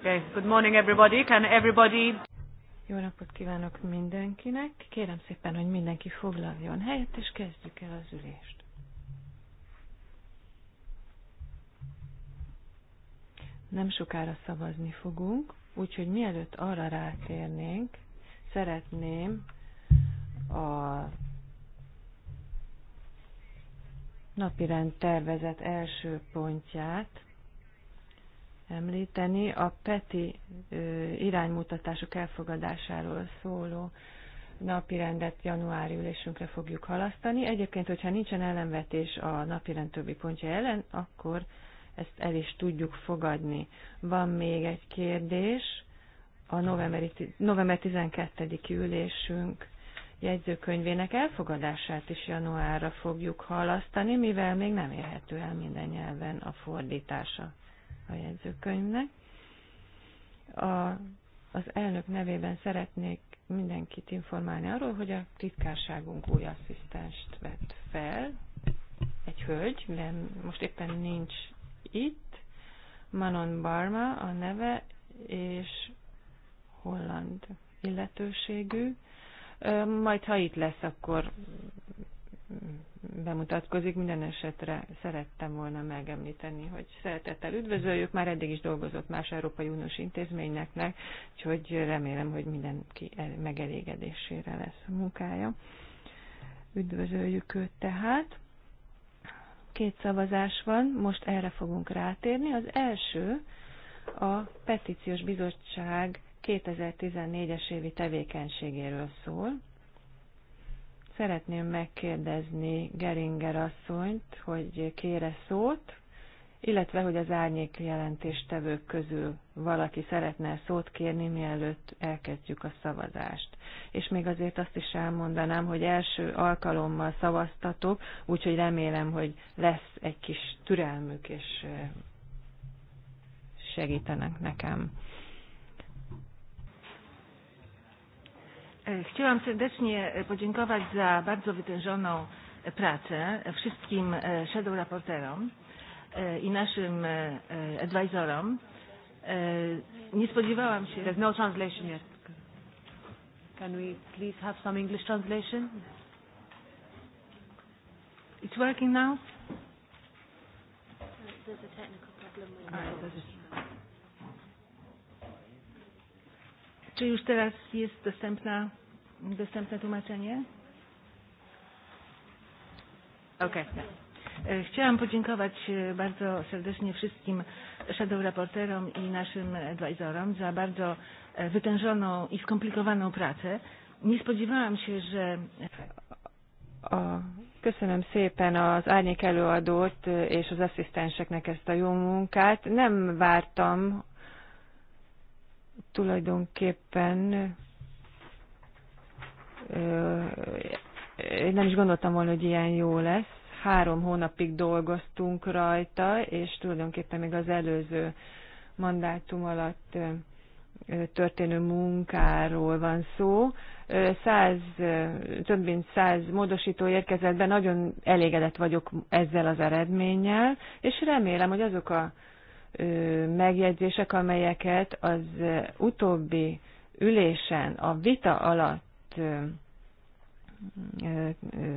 Okay, good morning everybody. Can everybody... Jó napot kívánok mindenkinek. Kérem szépen, hogy mindenki foglaljon helyet, és kezdjük el az ülést. Nem sokára szavazni fogunk, úgyhogy mielőtt arra rátérnénk, szeretném a napirend tervezet első pontját említeni, a PETI iránymutatások elfogadásáról szóló napirendet januári ülésünkre fogjuk halasztani. Egyébként, hogyha nincsen ellenvetés a napirend többi pontja ellen, akkor ezt el is tudjuk fogadni. Van még egy kérdés, a novemberi, november 12-i ülésünk jegyzőkönyvének elfogadását is januárra fogjuk halasztani, mivel még nem érhető el minden nyelven a fordítása a jegyzőkönyvnek. A, az elnök nevében szeretnék mindenkit informálni arról, hogy a titkárságunk új asszisztenst vett fel, egy hölgy, de most éppen nincs itt, Manon Barma a neve, és holland illetőségű, majd ha itt lesz, akkor bemutatkozik. Minden esetre szerettem volna megemlíteni, hogy szeretettel üdvözöljük, már eddig is dolgozott más Európai Uniós intézményeknek, úgyhogy remélem, hogy mindenki megelégedésére lesz a munkája. Üdvözöljük őt tehát. Két szavazás van, most erre fogunk rátérni. Az első a petíciós bizottság 2014-es évi tevékenységéről szól. Szeretném megkérdezni Geringer asszonyt, hogy kére szót, illetve hogy az árnyék jelentéstevők közül valaki szeretne szót kérni, mielőtt elkezdjük a szavazást. És még azért azt is elmondanám, hogy első alkalommal szavaztatok, úgyhogy remélem, hogy lesz egy kis türelmük, és eh, segítenek nekem. E, chciałam serdecznie e, podziękować za bardzo wytężoną e, pracę wszystkim shadow raporterom i naszym advisorom. Nie spodziewałam się... There's no translation yet. Can we please have some English translation? It's working now? There's a technical problem with... Ah, Czy już teraz jest dostępna, dostępne tłumaczenie? Okej. Okay. E, chciałam podziękować e, bardzo serdecznie wszystkim shadow reporterom i naszym advisorom za bardzo e, wytężoną i skomplikowaną pracę. Nie spodziewałam się, że... A, köszönöm szépen az árnyék előadót és az asszisztenseknek ezt a jó munkát. Nem vártam, tulajdonképpen én nem is gondoltam volna, hogy ilyen jó lesz. Három hónapig dolgoztunk rajta, és tulajdonképpen még az előző mandátum alatt történő munkáról van szó. Száz, több mint száz módosító érkezett be, nagyon elégedett vagyok ezzel az eredménnyel, és remélem, hogy azok a megjegyzések, amelyeket az utóbbi ülésen, a vita alatt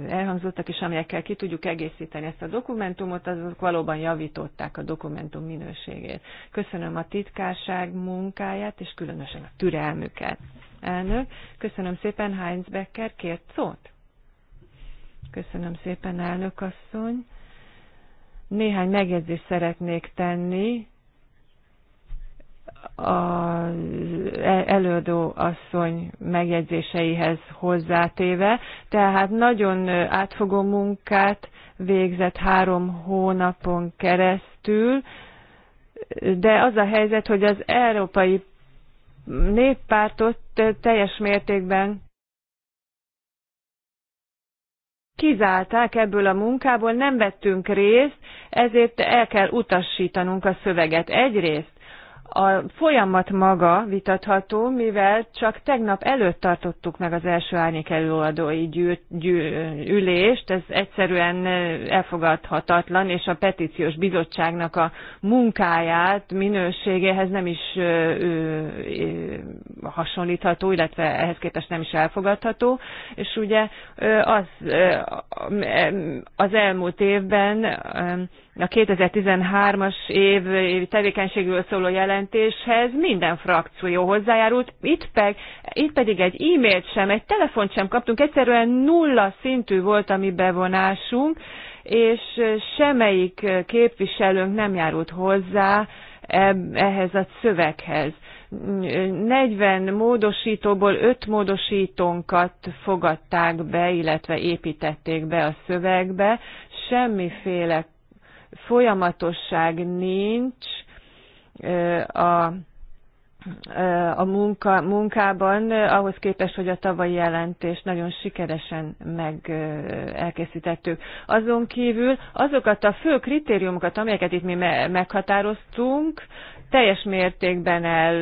elhangzottak, és amelyekkel ki tudjuk egészíteni ezt a dokumentumot, azok valóban javították a dokumentum minőségét. Köszönöm a titkárság munkáját, és különösen a türelmüket. Elnök, köszönöm szépen, Heinz Becker kért szót. Köszönöm szépen, elnök asszony. Néhány megjegyzést szeretnék tenni az előadó asszony megjegyzéseihez hozzátéve. Tehát nagyon átfogó munkát végzett három hónapon keresztül, de az a helyzet, hogy az Európai Néppártot teljes mértékben kizálták ebből a munkából, nem vettünk részt, ezért el kell utasítanunk a szöveget. Egyrészt a folyamat maga vitatható, mivel csak tegnap előtt tartottuk meg az első árnyék előadói gyűr, ülést, ez egyszerűen elfogadhatatlan, és a petíciós bizottságnak a munkáját, minőségéhez nem is ö, ö, hasonlítható, illetve ehhez képest nem is elfogadható, és ugye az, az elmúlt évben a 2013-as év tevékenységről szóló jelentéshez minden frakció hozzájárult, itt, peg, itt pedig egy e-mailt sem, egy telefont sem kaptunk, egyszerűen nulla szintű volt a mi bevonásunk, és semmelyik képviselőnk nem járult hozzá ehhez a szöveghez. 40 módosítóból 5 módosítónkat fogadták be, illetve építették be a szövegbe, semmiféle folyamatosság nincs a, a munka, munkában, ahhoz képest, hogy a tavalyi jelentést nagyon sikeresen meg elkészítettük. Azon kívül azokat a fő kritériumokat, amelyeket itt mi meghatároztunk, teljes mértékben el,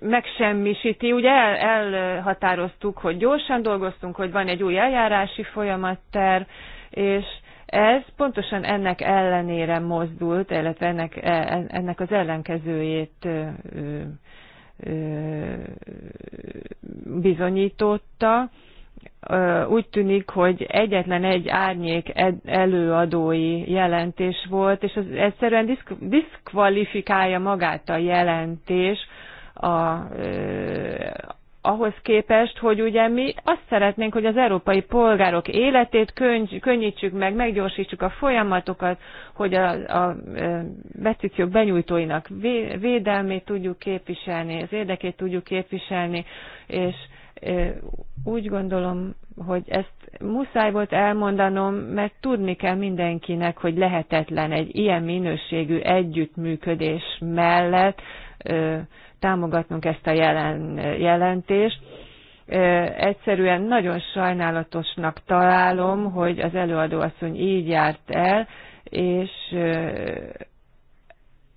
megsemmisíti. Ugye el, elhatároztuk, hogy gyorsan dolgoztunk, hogy van egy új eljárási folyamatter, és ez pontosan ennek ellenére mozdult, illetve ennek, e, ennek az ellenkezőjét bizonyította. Úgy tűnik, hogy egyetlen egy árnyék előadói jelentés volt, és az egyszerűen diszk, diszkvalifikálja magát a jelentés a, ahhoz képest, hogy ugye mi azt szeretnénk, hogy az európai polgárok életét könny, könnyítsük meg, meggyorsítsuk a folyamatokat, hogy a, a betűciók benyújtóinak védelmét tudjuk képviselni, az érdekét tudjuk képviselni, és úgy gondolom, hogy ezt muszáj volt elmondanom, mert tudni kell mindenkinek, hogy lehetetlen egy ilyen minőségű együttműködés mellett támogatnunk ezt a jelen, jelentést. Egyszerűen nagyon sajnálatosnak találom, hogy az előadóasszony így járt el, és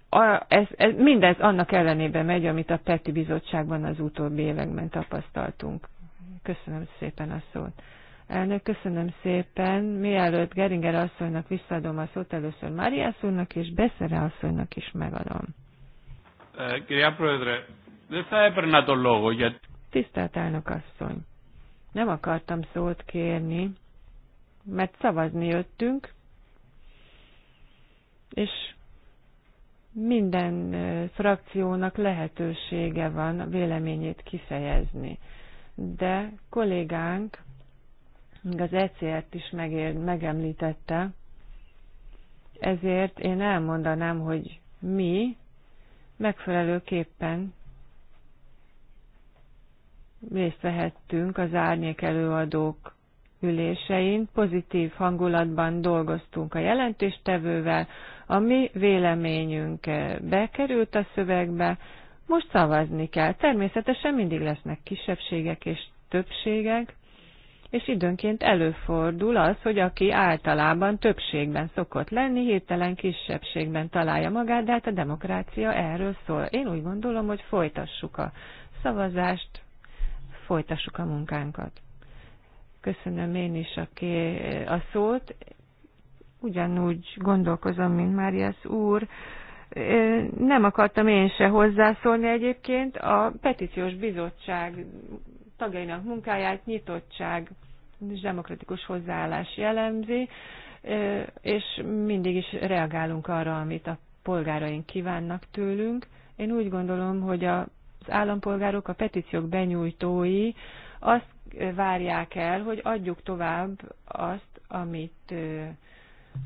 a, ez, ez, mindez annak ellenében megy, amit a PETI bizottságban az utóbbi években tapasztaltunk. Köszönöm szépen a szót. Elnök, köszönöm szépen. Mielőtt Geringer asszonynak visszaadom a szót, először Mária asszonynak és Beszere asszonynak is megadom. Tisztelt elnök asszony, nem akartam szót kérni, mert szavazni jöttünk, és minden frakciónak lehetősége van véleményét kifejezni. De kollégánk, az ECR-t is megér, megemlítette, ezért én elmondanám, hogy mi megfelelőképpen részt vehettünk az árnyék előadók ülésein, pozitív hangulatban dolgoztunk a jelentéstevővel, a mi véleményünk bekerült a szövegbe, most szavazni kell. Természetesen mindig lesznek kisebbségek és többségek, és időnként előfordul az, hogy aki általában többségben szokott lenni, hirtelen kisebbségben találja magát, de hát a demokrácia erről szól. Én úgy gondolom, hogy folytassuk a szavazást, folytassuk a munkánkat. Köszönöm én is aki a szót. Ugyanúgy gondolkozom, mint Máriasz úr. Nem akartam én se hozzászólni egyébként. A petíciós bizottság tagjainak munkáját nyitottság és demokratikus hozzáállás jellemzi, és mindig is reagálunk arra, amit a polgáraink kívánnak tőlünk. Én úgy gondolom, hogy az állampolgárok, a petíciók benyújtói azt várják el, hogy adjuk tovább azt, amit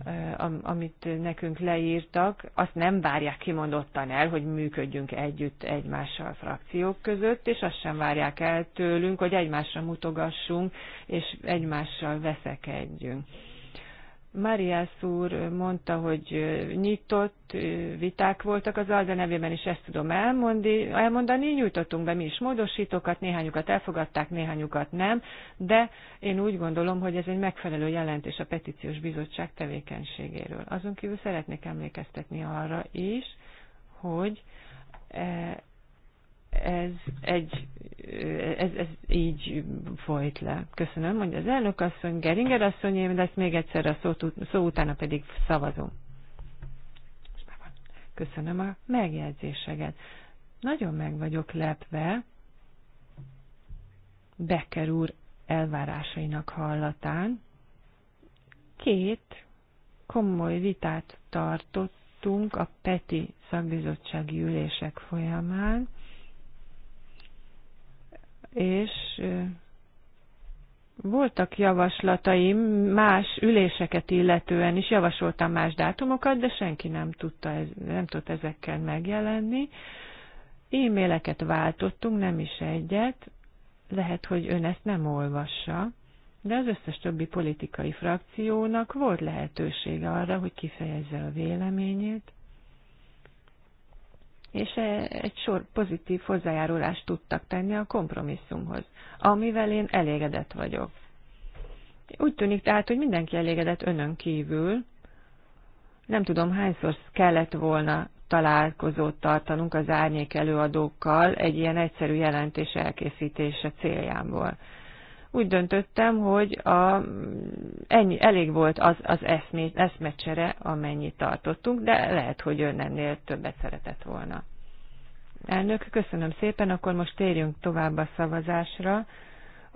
Eh, amit nekünk leírtak, azt nem várják kimondottan el, hogy működjünk együtt egymással frakciók között, és azt sem várják el tőlünk, hogy egymásra mutogassunk, és egymással veszekedjünk Mariász úr mondta, hogy nyitott viták voltak az ALDE nevében és ezt tudom elmondi, elmondani. Nyújtottunk be mi is módosítókat, néhányukat elfogadták, néhányukat nem, de én úgy gondolom, hogy ez egy megfelelő jelentés a petíciós bizottság tevékenységéről. Azon kívül szeretnék emlékeztetni arra is, hogy eh, ez egy ez, ez így folyt le. Köszönöm, mondja az elnök asszony, Geringer asszony, lesz még egyszer a szó, szó utána pedig szavazom. Köszönöm a megjegyzéseket. Nagyon meg vagyok lepve Becker úr elvárásainak hallatán. Két komoly vitát tartottunk a PETI szakbizottsági ülések folyamán, és voltak javaslataim más üléseket illetően is, javasoltam más dátumokat, de senki nem tudta, nem tudta ezekkel megjelenni. E-maileket váltottunk, nem is egyet, lehet, hogy ön ezt nem olvassa, de az összes többi politikai frakciónak volt lehetősége arra, hogy kifejezze a véleményét és e, egy sor pozitív hozzájárulást tudtak tenni a kompromisszumhoz, amivel én elégedett vagyok. Úgy tűnik tehát, hogy mindenki elégedett önön kívül. Nem tudom, hányszor kellett volna találkozót tartanunk az árnyék előadókkal egy ilyen egyszerű jelentés elkészítése céljából úgy döntöttem, hogy a, ennyi, elég volt az, az eszmé, eszmecsere, amennyit tartottunk, de lehet, hogy ön ennél többet szeretett volna. Elnök, köszönöm szépen, akkor most térjünk tovább a szavazásra.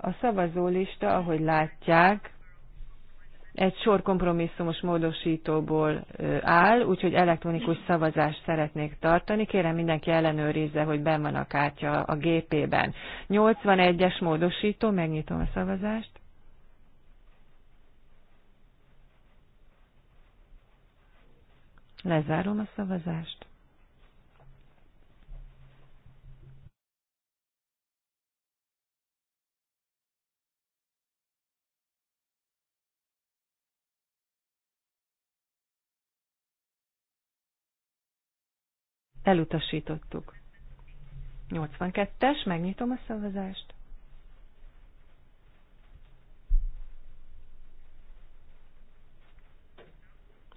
A szavazólista, ahogy látják, egy sor kompromisszumos módosítóból áll, úgyhogy elektronikus szavazást szeretnék tartani. Kérem mindenki ellenőrizze, hogy benn van a kártya a gépében. 81-es módosító, megnyitom a szavazást. Lezárom a szavazást. Elutasítottuk. 82-es, megnyitom a szavazást.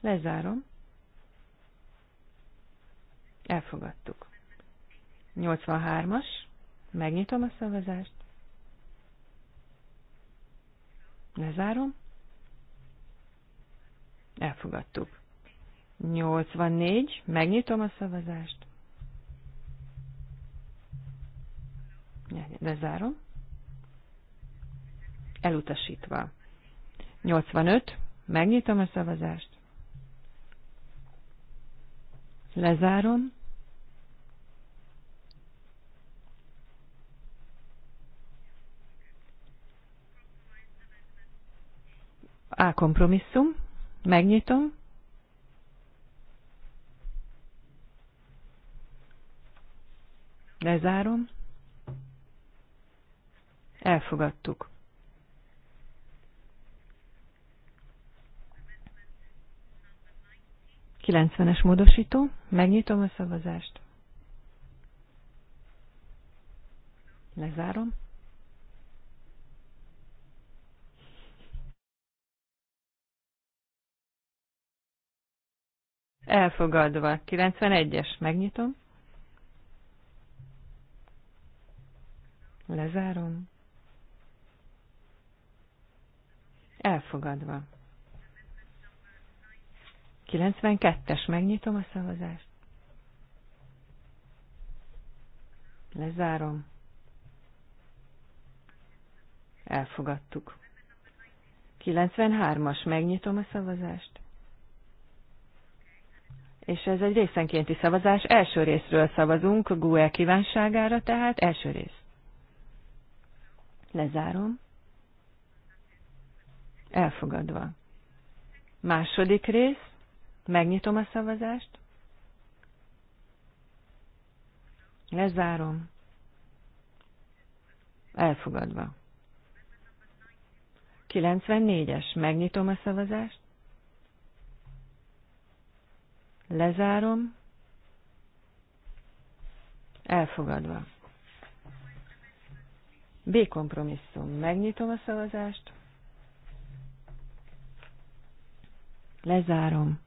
Lezárom. Elfogadtuk. 83-as, megnyitom a szavazást. Lezárom. Elfogadtuk. 84. Megnyitom a szavazást. Lezárom. Elutasítva. 85. Megnyitom a szavazást. Lezárom. A kompromisszum. Megnyitom. Lezárom. Elfogadtuk. Kilencvenes módosító. Megnyitom a szavazást. Lezárom. Elfogadva. 91-es. Megnyitom. Lezárom. Elfogadva. 92-es, megnyitom a szavazást. Lezárom. Elfogadtuk. 93-as, megnyitom a szavazást. És ez egy részenkénti szavazás. Első részről szavazunk, GUE kívánságára, tehát első rész. Lezárom. Elfogadva. Második rész. Megnyitom a szavazást. Lezárom. Elfogadva. 94-es. Megnyitom a szavazást. Lezárom. Elfogadva. B kompromisszum. Megnyitom a szavazást. Lezárom.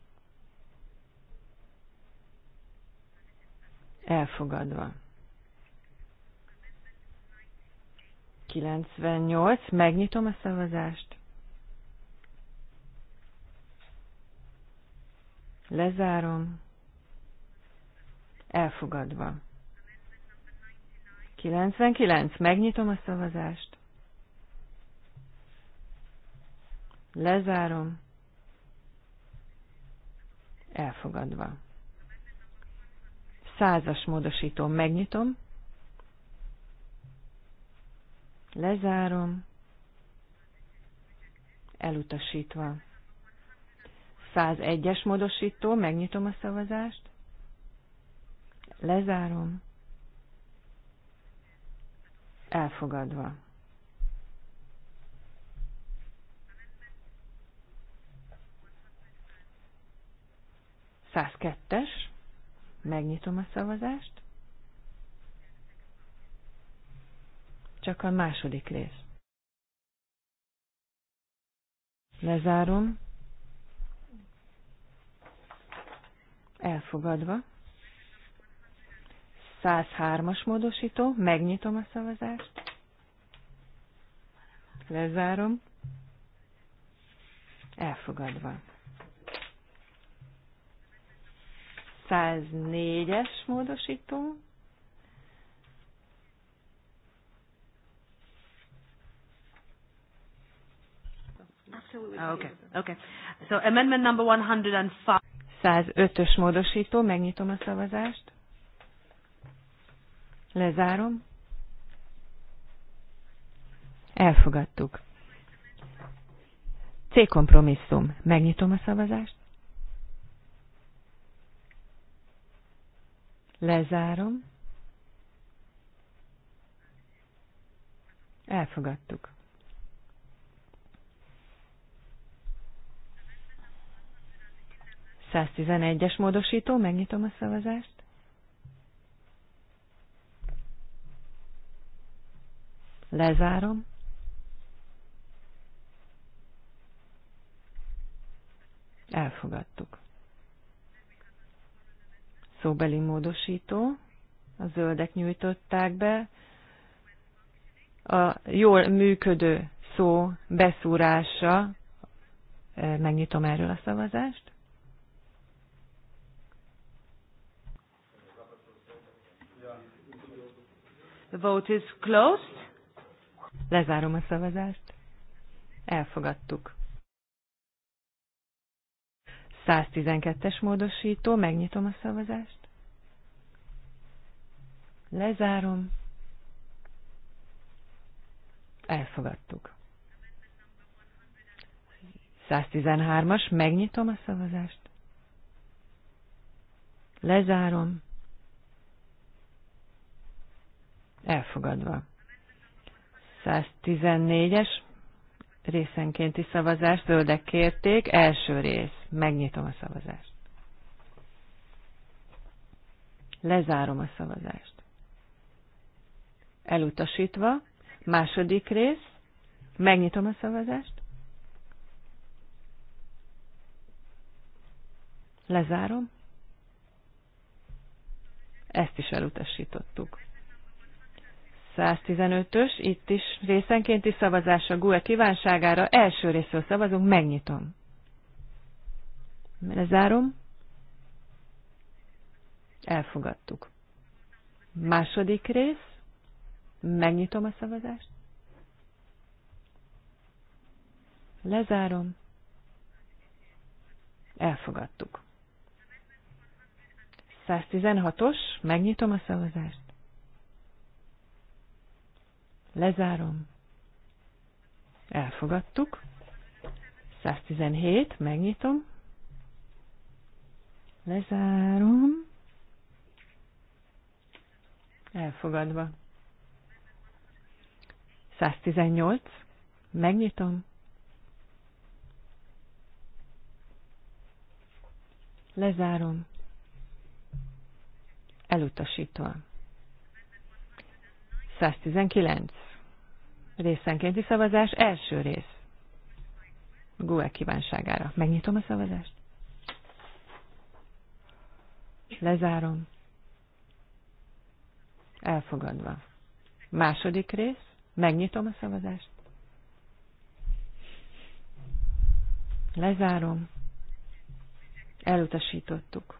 Elfogadva. 98. Megnyitom a szavazást. Lezárom. Elfogadva. 99. Megnyitom a szavazást. Lezárom. Elfogadva. Százas módosítom. Megnyitom. Lezárom. Elutasítva. 101-es módosító. Megnyitom a szavazást. Lezárom elfogadva. Százkettes. Megnyitom a szavazást. Csak a második rész. Lezárom. Elfogadva. 103-as módosító, megnyitom a szavazást, lezárom, elfogadva. 104-es módosító, okay. Okay. So amendment number 105. 105-ös módosító, megnyitom a szavazást. Lezárom. Elfogadtuk. C kompromisszum. Megnyitom a szavazást. Lezárom. Elfogadtuk. Száztizenegyes módosító, megnyitom a szavazást. Lezárom. Elfogadtuk. Szóbeli módosító. A zöldek nyújtották be. A jól működő szó beszúrása. E, megnyitom erről a szavazást. The vote is closed. Lezárom a szavazást. Elfogadtuk. 112-es módosító, megnyitom a szavazást. Lezárom. Elfogadtuk. 113-as, megnyitom a szavazást. Lezárom. Elfogadva. 114-es részenkénti szavazás, zöldek kérték, első rész, megnyitom a szavazást. Lezárom a szavazást. Elutasítva, második rész, megnyitom a szavazást. Lezárom. Ezt is elutasítottuk. 115-ös, itt is részenkénti szavazás a GUE kívánságára. Első részről szavazunk, megnyitom. Lezárom. Elfogadtuk. Második rész. Megnyitom a szavazást. Lezárom. Elfogadtuk. 116-os. Megnyitom a szavazást. Lezárom. Elfogadtuk. 117, megnyitom. Lezárom. Elfogadva. 118, megnyitom. Lezárom. Elutasítva. 119. Részenkénti szavazás, első rész. Google kívánságára. Megnyitom a szavazást. Lezárom. Elfogadva. Második rész. Megnyitom a szavazást. Lezárom. Elutasítottuk.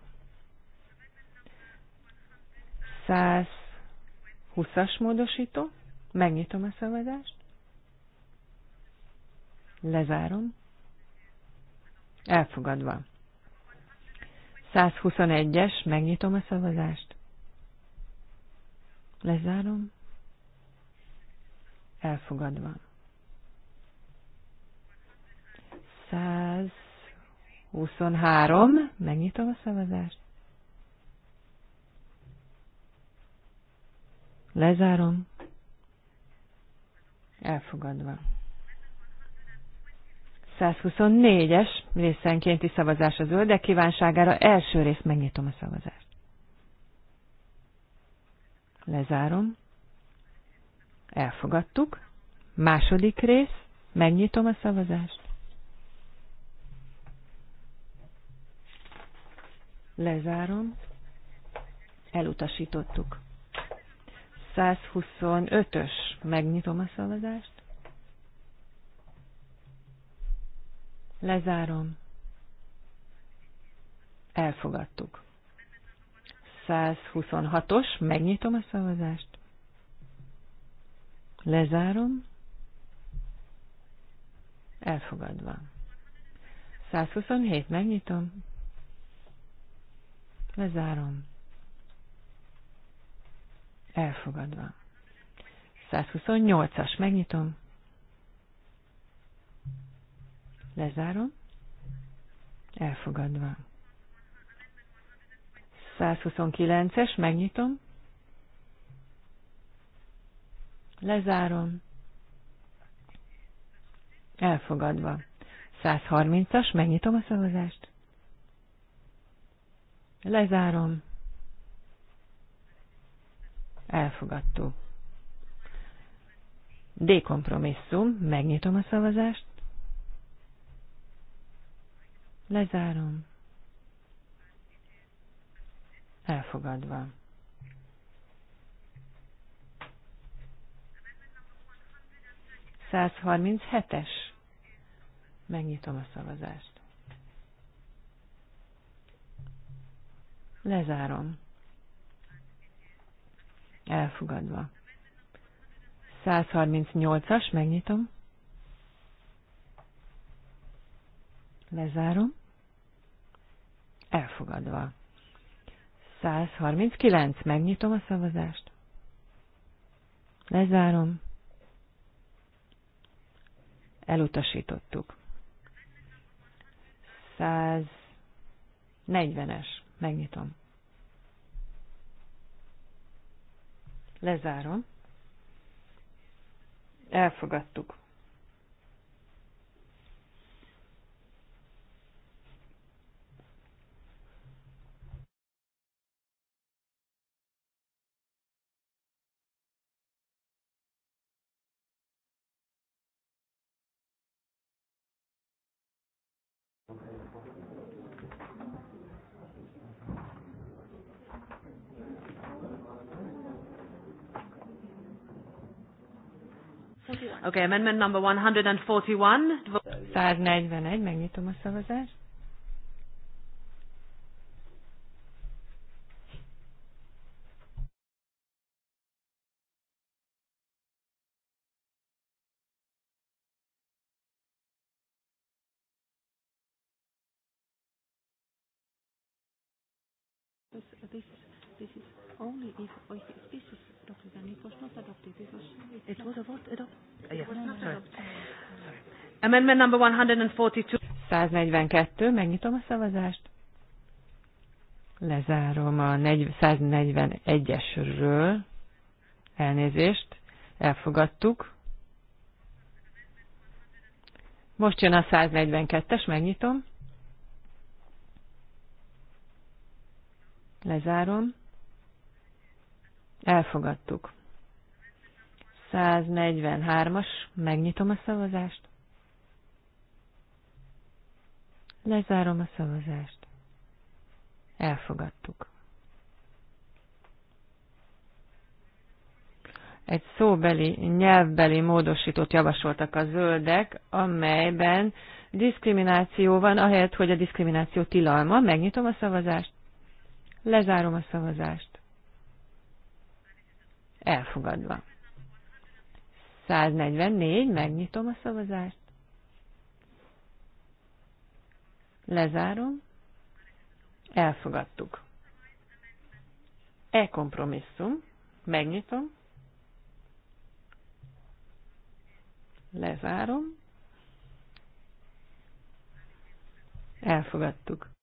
100 20-as módosító. Megnyitom a szavazást. Lezárom. Elfogadva. 121-es, megnyitom a szavazást. Lezárom. Elfogadva. 123, megnyitom a szavazást. Lezárom. Elfogadva. 124-es részenkénti szavazás a zöldek kívánságára. Első rész megnyitom a szavazást. Lezárom. Elfogadtuk. Második rész. Megnyitom a szavazást. Lezárom. Elutasítottuk. 125-ös. Megnyitom a szavazást. Lezárom. Elfogadtuk. 126-os. Megnyitom a szavazást. Lezárom. Elfogadva. 127. Megnyitom. Lezárom. Elfogadva. 128-as, megnyitom. Lezárom. Elfogadva. 129-es, megnyitom. Lezárom. Elfogadva. 130-as, megnyitom a szavazást. Lezárom. Elfogadtuk. D kompromisszum. Megnyitom a szavazást. Lezárom. Elfogadva. 137-es, Megnyitom a szavazást. Lezárom. Elfogadva. 138-as, megnyitom. Lezárom. Elfogadva. 139, megnyitom a szavazást. Lezárom. Elutasítottuk. 140-es, megnyitom. Lezárom. Elfogadtuk. Okay, amendment number 141. 141, megnyitom a szavazást. This, this, this is only if, if this is It was a yeah. Sorry. Amendment number 142. 142. Megnyitom a szavazást. Lezárom a 141-esről. Elnézést. Elfogadtuk. Most jön a 142-es, megnyitom. Lezárom. Elfogadtuk. 143-as, megnyitom a szavazást. Lezárom a szavazást. Elfogadtuk. Egy szóbeli, nyelvbeli módosítót javasoltak a zöldek, amelyben diszkrimináció van, ahelyett, hogy a diszkrimináció tilalma. Megnyitom a szavazást. Lezárom a szavazást. Elfogadva. 144, megnyitom a szavazást. Lezárom. Elfogadtuk. E kompromisszum. Megnyitom. Lezárom. Elfogadtuk.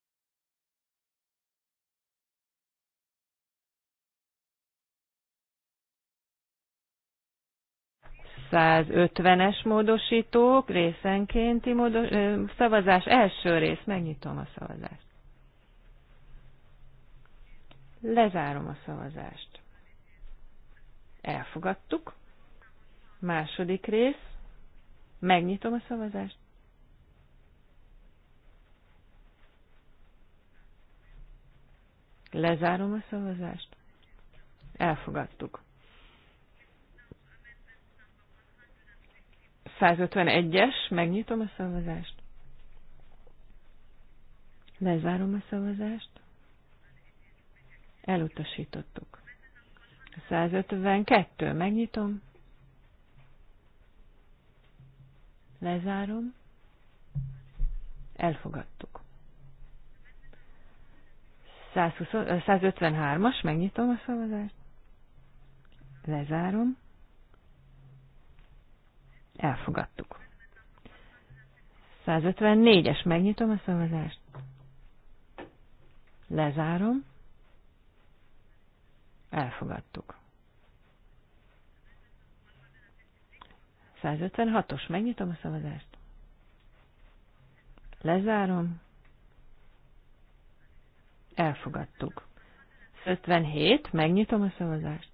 150-es módosítók, részenkénti módos, szavazás, első rész, megnyitom a szavazást. Lezárom a szavazást. Elfogadtuk. Második rész. Megnyitom a szavazást. Lezárom a szavazást. Elfogadtuk. 151-es, megnyitom a szavazást. Lezárom a szavazást. Elutasítottuk. 152, megnyitom. Lezárom. Elfogadtuk. 153-as, megnyitom a szavazást. Lezárom. Elfogadtuk. 154-es, megnyitom a szavazást. Lezárom. Elfogadtuk. 156-os, megnyitom a szavazást. Lezárom. Elfogadtuk. 57, megnyitom a szavazást.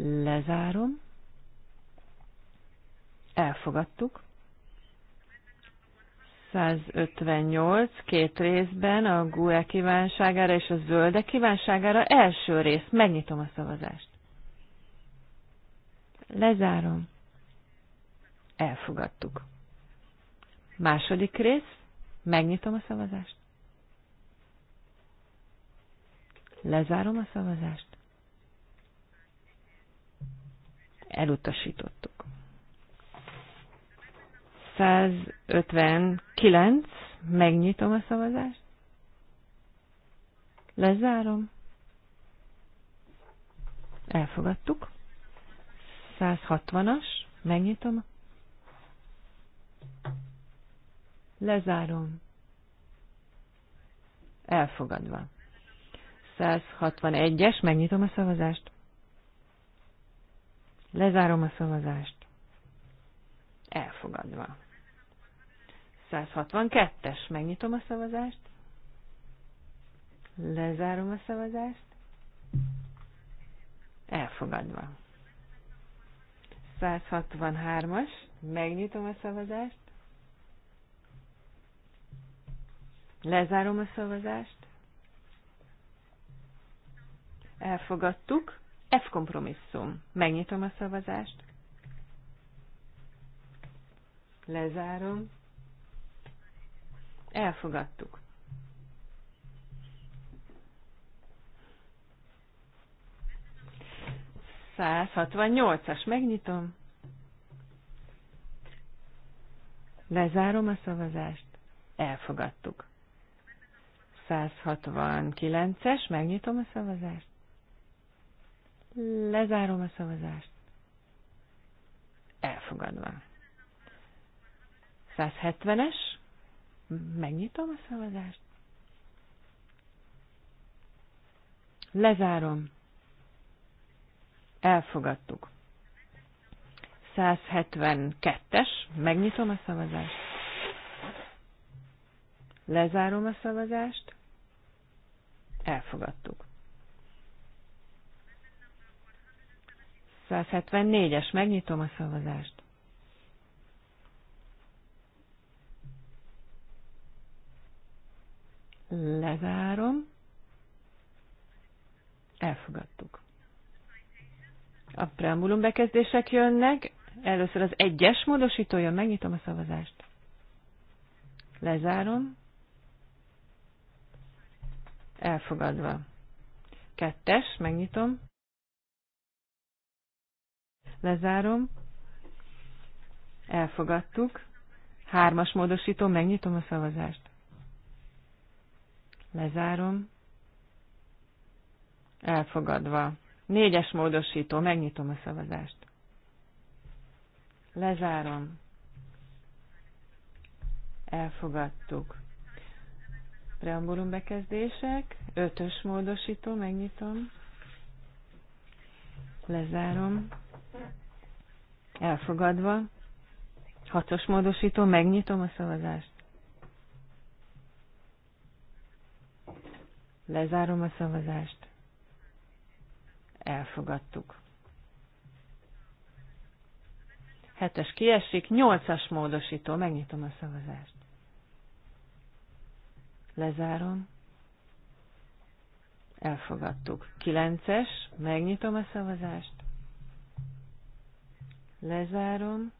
Lezárom. Elfogadtuk. 158 két részben a GUE kívánságára és a zölde kívánságára első rész. Megnyitom a szavazást. Lezárom. Elfogadtuk. Második rész. Megnyitom a szavazást. Lezárom a szavazást. Elutasítottuk. 159, megnyitom a szavazást, lezárom, elfogadtuk, 160-as, megnyitom, lezárom, elfogadva. 161-es, megnyitom a szavazást. Lezárom a szavazást elfogadva. 162-es, megnyitom a szavazást, lezárom a szavazást, elfogadva. 163-as, megnyitom a szavazást, lezárom a szavazást, elfogadtuk, F kompromisszum, megnyitom a szavazást, Lezárom. Elfogadtuk. as megnyitom. Lezárom a szavazást. Elfogadtuk. 169-es, megnyitom a szavazást. Lezárom a szavazást. Elfogadva. 170-es. Megnyitom a szavazást. Lezárom. Elfogadtuk. 172-es. Megnyitom a szavazást. Lezárom a szavazást. Elfogadtuk. 174-es. Megnyitom a szavazást. Lezárom. Elfogadtuk. A preambulum bekezdések jönnek. Először az egyes módosítója, Megnyitom a szavazást. Lezárom. Elfogadva. Kettes, megnyitom. Lezárom. Elfogadtuk. Hármas módosító, megnyitom a szavazást. Lezárom. Elfogadva. Négyes módosító. Megnyitom a szavazást. Lezárom. Elfogadtuk. Preambulum bekezdések. Ötös módosító. Megnyitom. Lezárom. Elfogadva. Hatos módosító. Megnyitom a szavazást. Lezárom a szavazást. Elfogadtuk. Hetes kiesik, nyolcas módosító, megnyitom a szavazást. Lezárom. Elfogadtuk. Kilences, megnyitom a szavazást. Lezárom.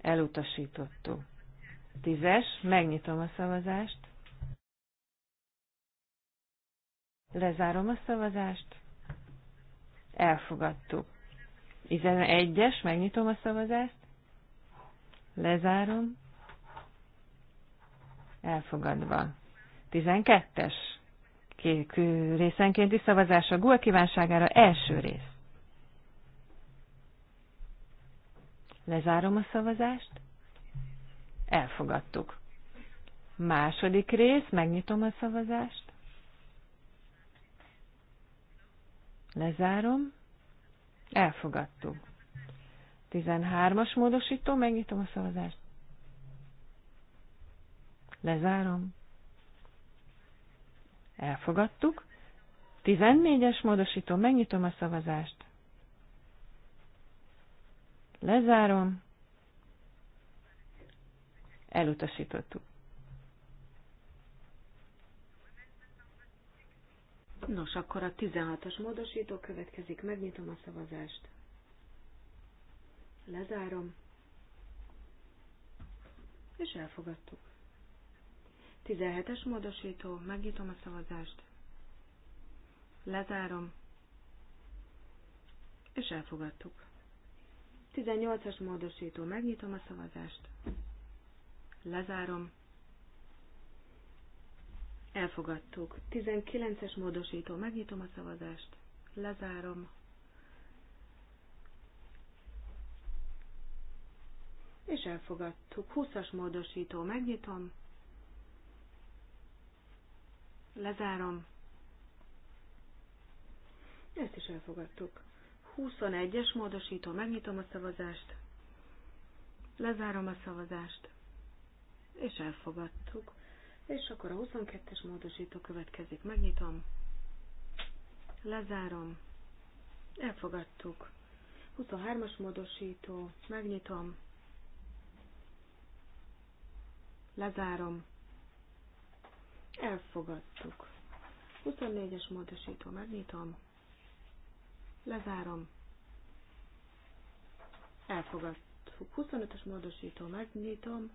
Elutasítottuk. Tízes, megnyitom a szavazást. Lezárom a szavazást. Elfogadtuk. 11-es, megnyitom a szavazást. Lezárom. Elfogadva. 12-es. Kék részenkénti szavazás a gól kívánságára első rész. Lezárom a szavazást. Elfogadtuk. Második rész, megnyitom a szavazást. Lezárom. Elfogadtuk. 13-as módosító, megnyitom a szavazást. Lezárom. Elfogadtuk. 14-es módosító, megnyitom a szavazást. Lezárom. Elutasítottuk. Nos, akkor a 16-os módosító következik, megnyitom a szavazást. Lezárom. És elfogadtuk. 17-es módosító, megnyitom a szavazást. Lezárom. És elfogadtuk. 18-as módosító, megnyitom a szavazást. Lezárom. Elfogadtuk. 19-es módosító. Megnyitom a szavazást. Lezárom. És elfogadtuk. 20-as módosító. Megnyitom. Lezárom. Ezt is elfogadtuk. 21-es módosító. Megnyitom a szavazást. Lezárom a szavazást. És elfogadtuk. És akkor a 22-es módosító következik. Megnyitom. Lezárom. Elfogadtuk. 23-as módosító. Megnyitom. Lezárom. Elfogadtuk. 24-es módosító. Megnyitom. Lezárom. Elfogadtuk. 25-ös módosító. Megnyitom.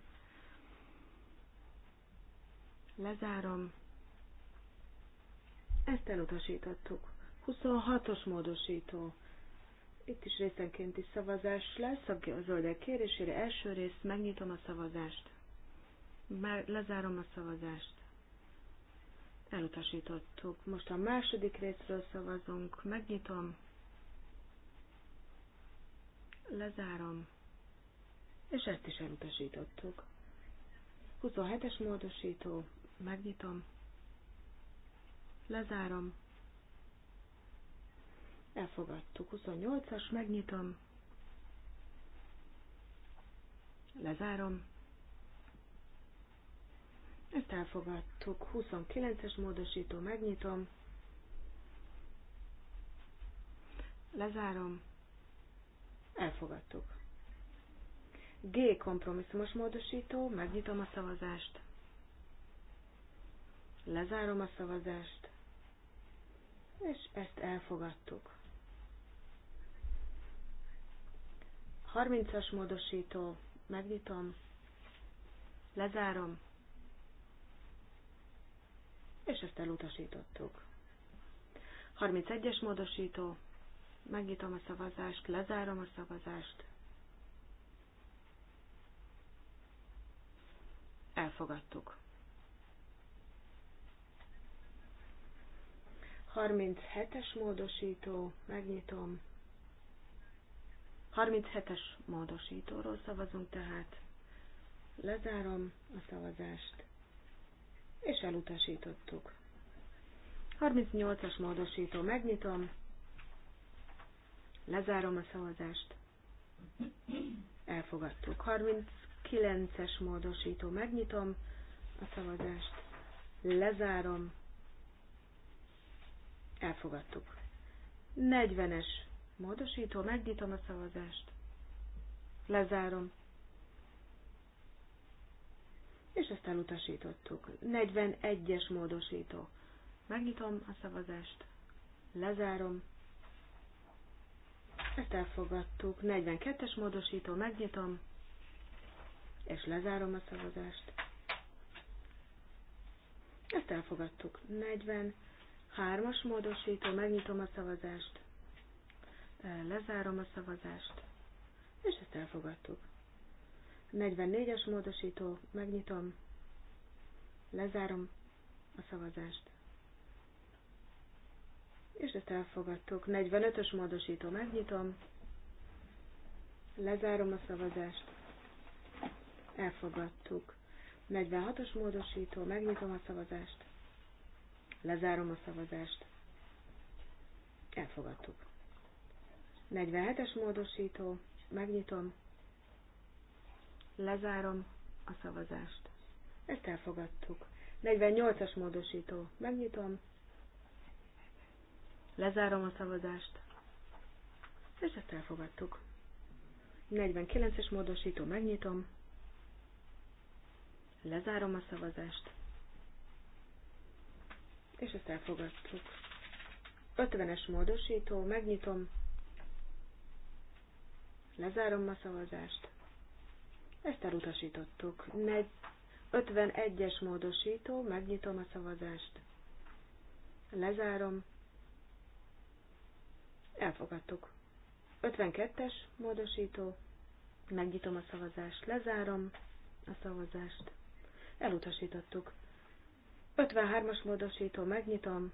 Lezárom. Ezt elutasítottuk. 26-os módosító. Itt is részenkénti szavazás lesz a zöldek kérésére. Első rész, megnyitom a szavazást. Már lezárom a szavazást. Elutasítottuk. Most a második részről szavazunk. Megnyitom. Lezárom. És ezt is elutasítottuk. 27-es módosító megnyitom, lezárom, elfogadtuk. 28-as, megnyitom, lezárom, ezt elfogadtuk. 29-es módosító, megnyitom, lezárom, elfogadtuk. G kompromisszumos módosító, megnyitom a szavazást. Lezárom a szavazást, és ezt elfogadtuk. 30-as módosító, megnyitom, lezárom, és ezt elutasítottuk. 31-es módosító, megnyitom a szavazást, lezárom a szavazást, elfogadtuk. 37-es módosító, megnyitom. 37-es módosítóról szavazunk tehát. Lezárom a szavazást, és elutasítottuk. 38-as módosító, megnyitom. Lezárom a szavazást. Elfogadtuk. 39-es módosító, megnyitom a szavazást. Lezárom elfogadtuk. 40-es módosító, megnyitom a szavazást, lezárom, és ezt elutasítottuk. 41-es módosító, megnyitom a szavazást, lezárom, ezt elfogadtuk. 42-es módosító, megnyitom, és lezárom a szavazást. Ezt elfogadtuk. 40 Hármas módosító, megnyitom a szavazást, lezárom a szavazást, és ezt elfogadtuk. 44-es módosító, megnyitom, lezárom a szavazást. És ezt elfogadtuk. 45-ös módosító, megnyitom, lezárom a szavazást, elfogadtuk. 46-os módosító, megnyitom a szavazást, Lezárom a szavazást. Elfogadtuk. 47-es módosító. Megnyitom. Lezárom a szavazást. Ezt elfogadtuk. 48-as módosító. Megnyitom. Lezárom a szavazást. És ezt elfogadtuk. 49-es módosító. Megnyitom. Lezárom a szavazást és ezt elfogadtuk. 50-es módosító, megnyitom, lezárom a szavazást, ezt elutasítottuk. 51-es módosító, megnyitom a szavazást, lezárom, elfogadtuk. 52-es módosító, megnyitom a szavazást, lezárom a szavazást, elutasítottuk. 53-as módosító, megnyitom,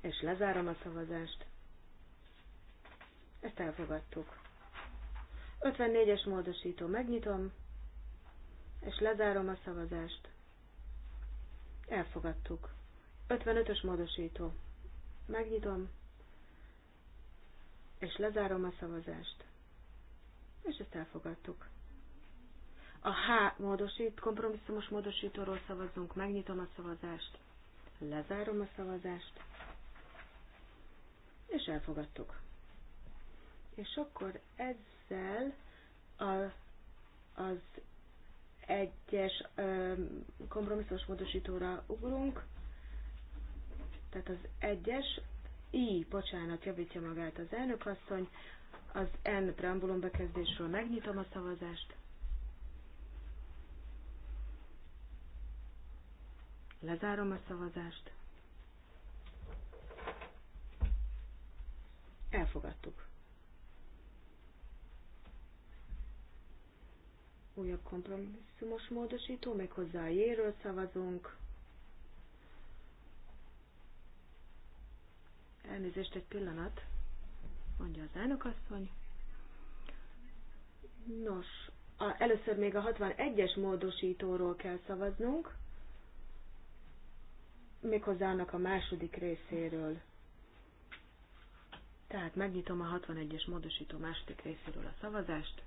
és lezárom a szavazást. Ezt elfogadtuk. 54-es módosító, megnyitom, és lezárom a szavazást. Elfogadtuk. 55-ös módosító, megnyitom, és lezárom a szavazást. És ezt elfogadtuk. A H módosít, kompromisszumos módosítóról szavazzunk, megnyitom a szavazást, lezárom a szavazást, és elfogadtuk. És akkor ezzel a, az egyes ö, kompromisszumos módosítóra ugrunk, tehát az egyes, I, bocsánat, javítja magát az elnökasszony, az N preambulum bekezdésről megnyitom a szavazást, Lezárom a szavazást. Elfogadtuk. Újabb kompromisszumos módosító, meg hozzá a jéről szavazunk. Elnézést egy pillanat, mondja az elnökasszony. Nos, a, először még a 61-es módosítóról kell szavaznunk méghozzá annak a második részéről. Tehát megnyitom a 61-es módosító második részéről a szavazást,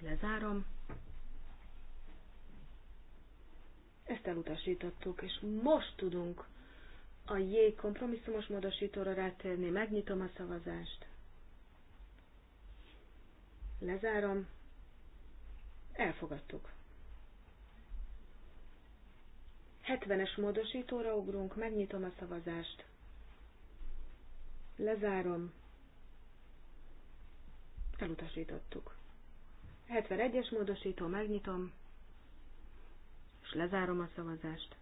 lezárom. Ezt elutasítottuk, és most tudunk a J kompromisszumos módosítóra rátérni, megnyitom a szavazást, lezárom, elfogadtuk. 70-es módosítóra ugrunk, megnyitom a szavazást. Lezárom. Elutasítottuk. 71-es módosító, megnyitom, és lezárom a szavazást.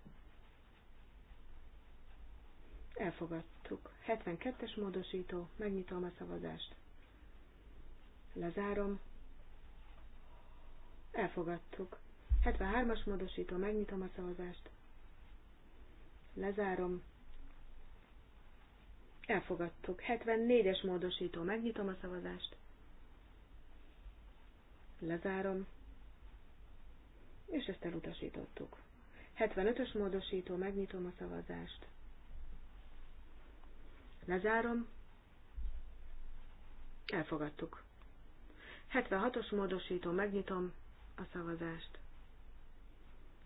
Elfogadtuk. 72-es módosító, megnyitom a szavazást. Lezárom. Elfogadtuk. 73-as módosító, megnyitom a szavazást. Lezárom. Elfogadtuk. 74-es módosító. Megnyitom a szavazást. Lezárom. És ezt elutasítottuk. 75-ös módosító. Megnyitom a szavazást. Lezárom. Elfogadtuk. 76-os módosító. Megnyitom a szavazást.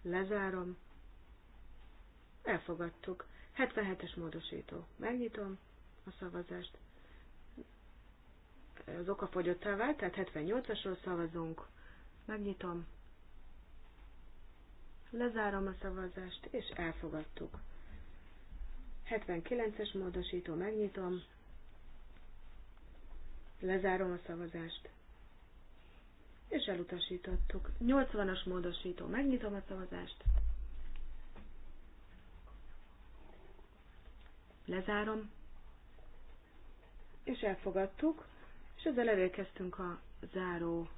Lezárom. Elfogadtuk. 77-es módosító. Megnyitom a szavazást. Az okafogyottá vált, tehát 78-asról szavazunk. Megnyitom. Lezárom a szavazást, és elfogadtuk. 79-es módosító, megnyitom. Lezárom a szavazást. És elutasítottuk. 80-as módosító, megnyitom a szavazást. Lezárom. És elfogadtuk, és ezzel elérkeztünk a záró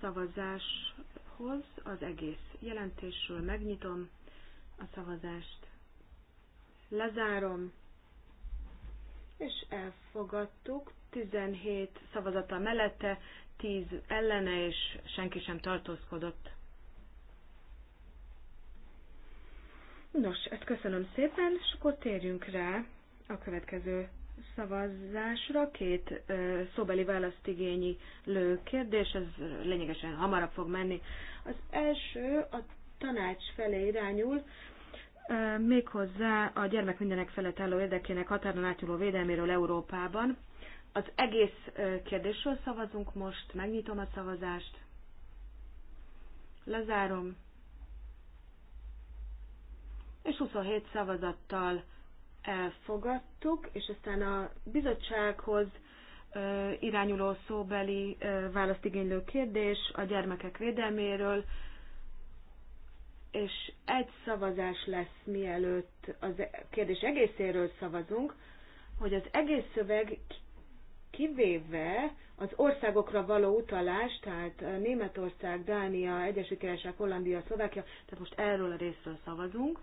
szavazáshoz az egész jelentésről. Megnyitom a szavazást. Lezárom és elfogadtuk. 17 szavazata mellette, 10 ellene, és senki sem tartózkodott. Nos, ezt köszönöm szépen, és akkor térjünk rá a következő szavazásra. Két ö, szóbeli választigényi lő kérdés, ez lényegesen hamarabb fog menni. Az első a tanács felé irányul, ö, méghozzá a gyermek mindenek felett álló érdekének határon átnyúló védelméről Európában. Az egész ö, kérdésről szavazunk most, megnyitom a szavazást, lezárom, és 27 szavazattal elfogadtuk, és aztán a bizottsághoz irányuló szóbeli választigénylő kérdés a gyermekek védelméről, és egy szavazás lesz, mielőtt az kérdés egészéről szavazunk, hogy az egész szöveg kivéve az országokra való utalás, tehát Németország, Dánia, Egyesült Királyság, Hollandia, Szlovákia, tehát most erről a részről szavazunk,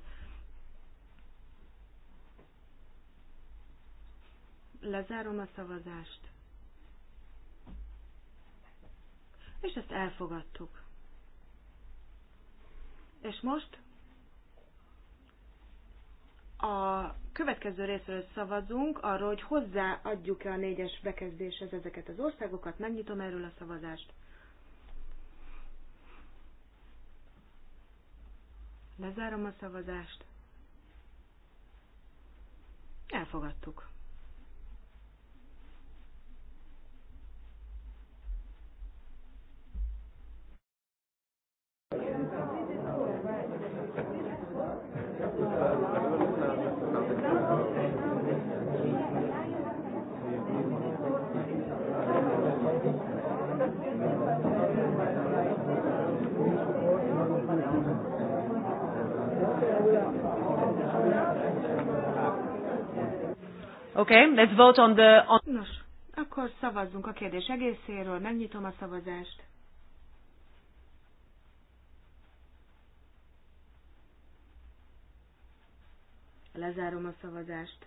Lezárom a szavazást. És ezt elfogadtuk. És most a következő részről szavazunk arról, hogy hozzáadjuk-e a négyes bekezdéshez ezeket az országokat. Megnyitom erről a szavazást. Lezárom a szavazást. Elfogadtuk. Okay, let's vote on the... On... Nos, akkor szavazzunk a kérdés egészéről, megnyitom a szavazást. Lezárom a szavazást.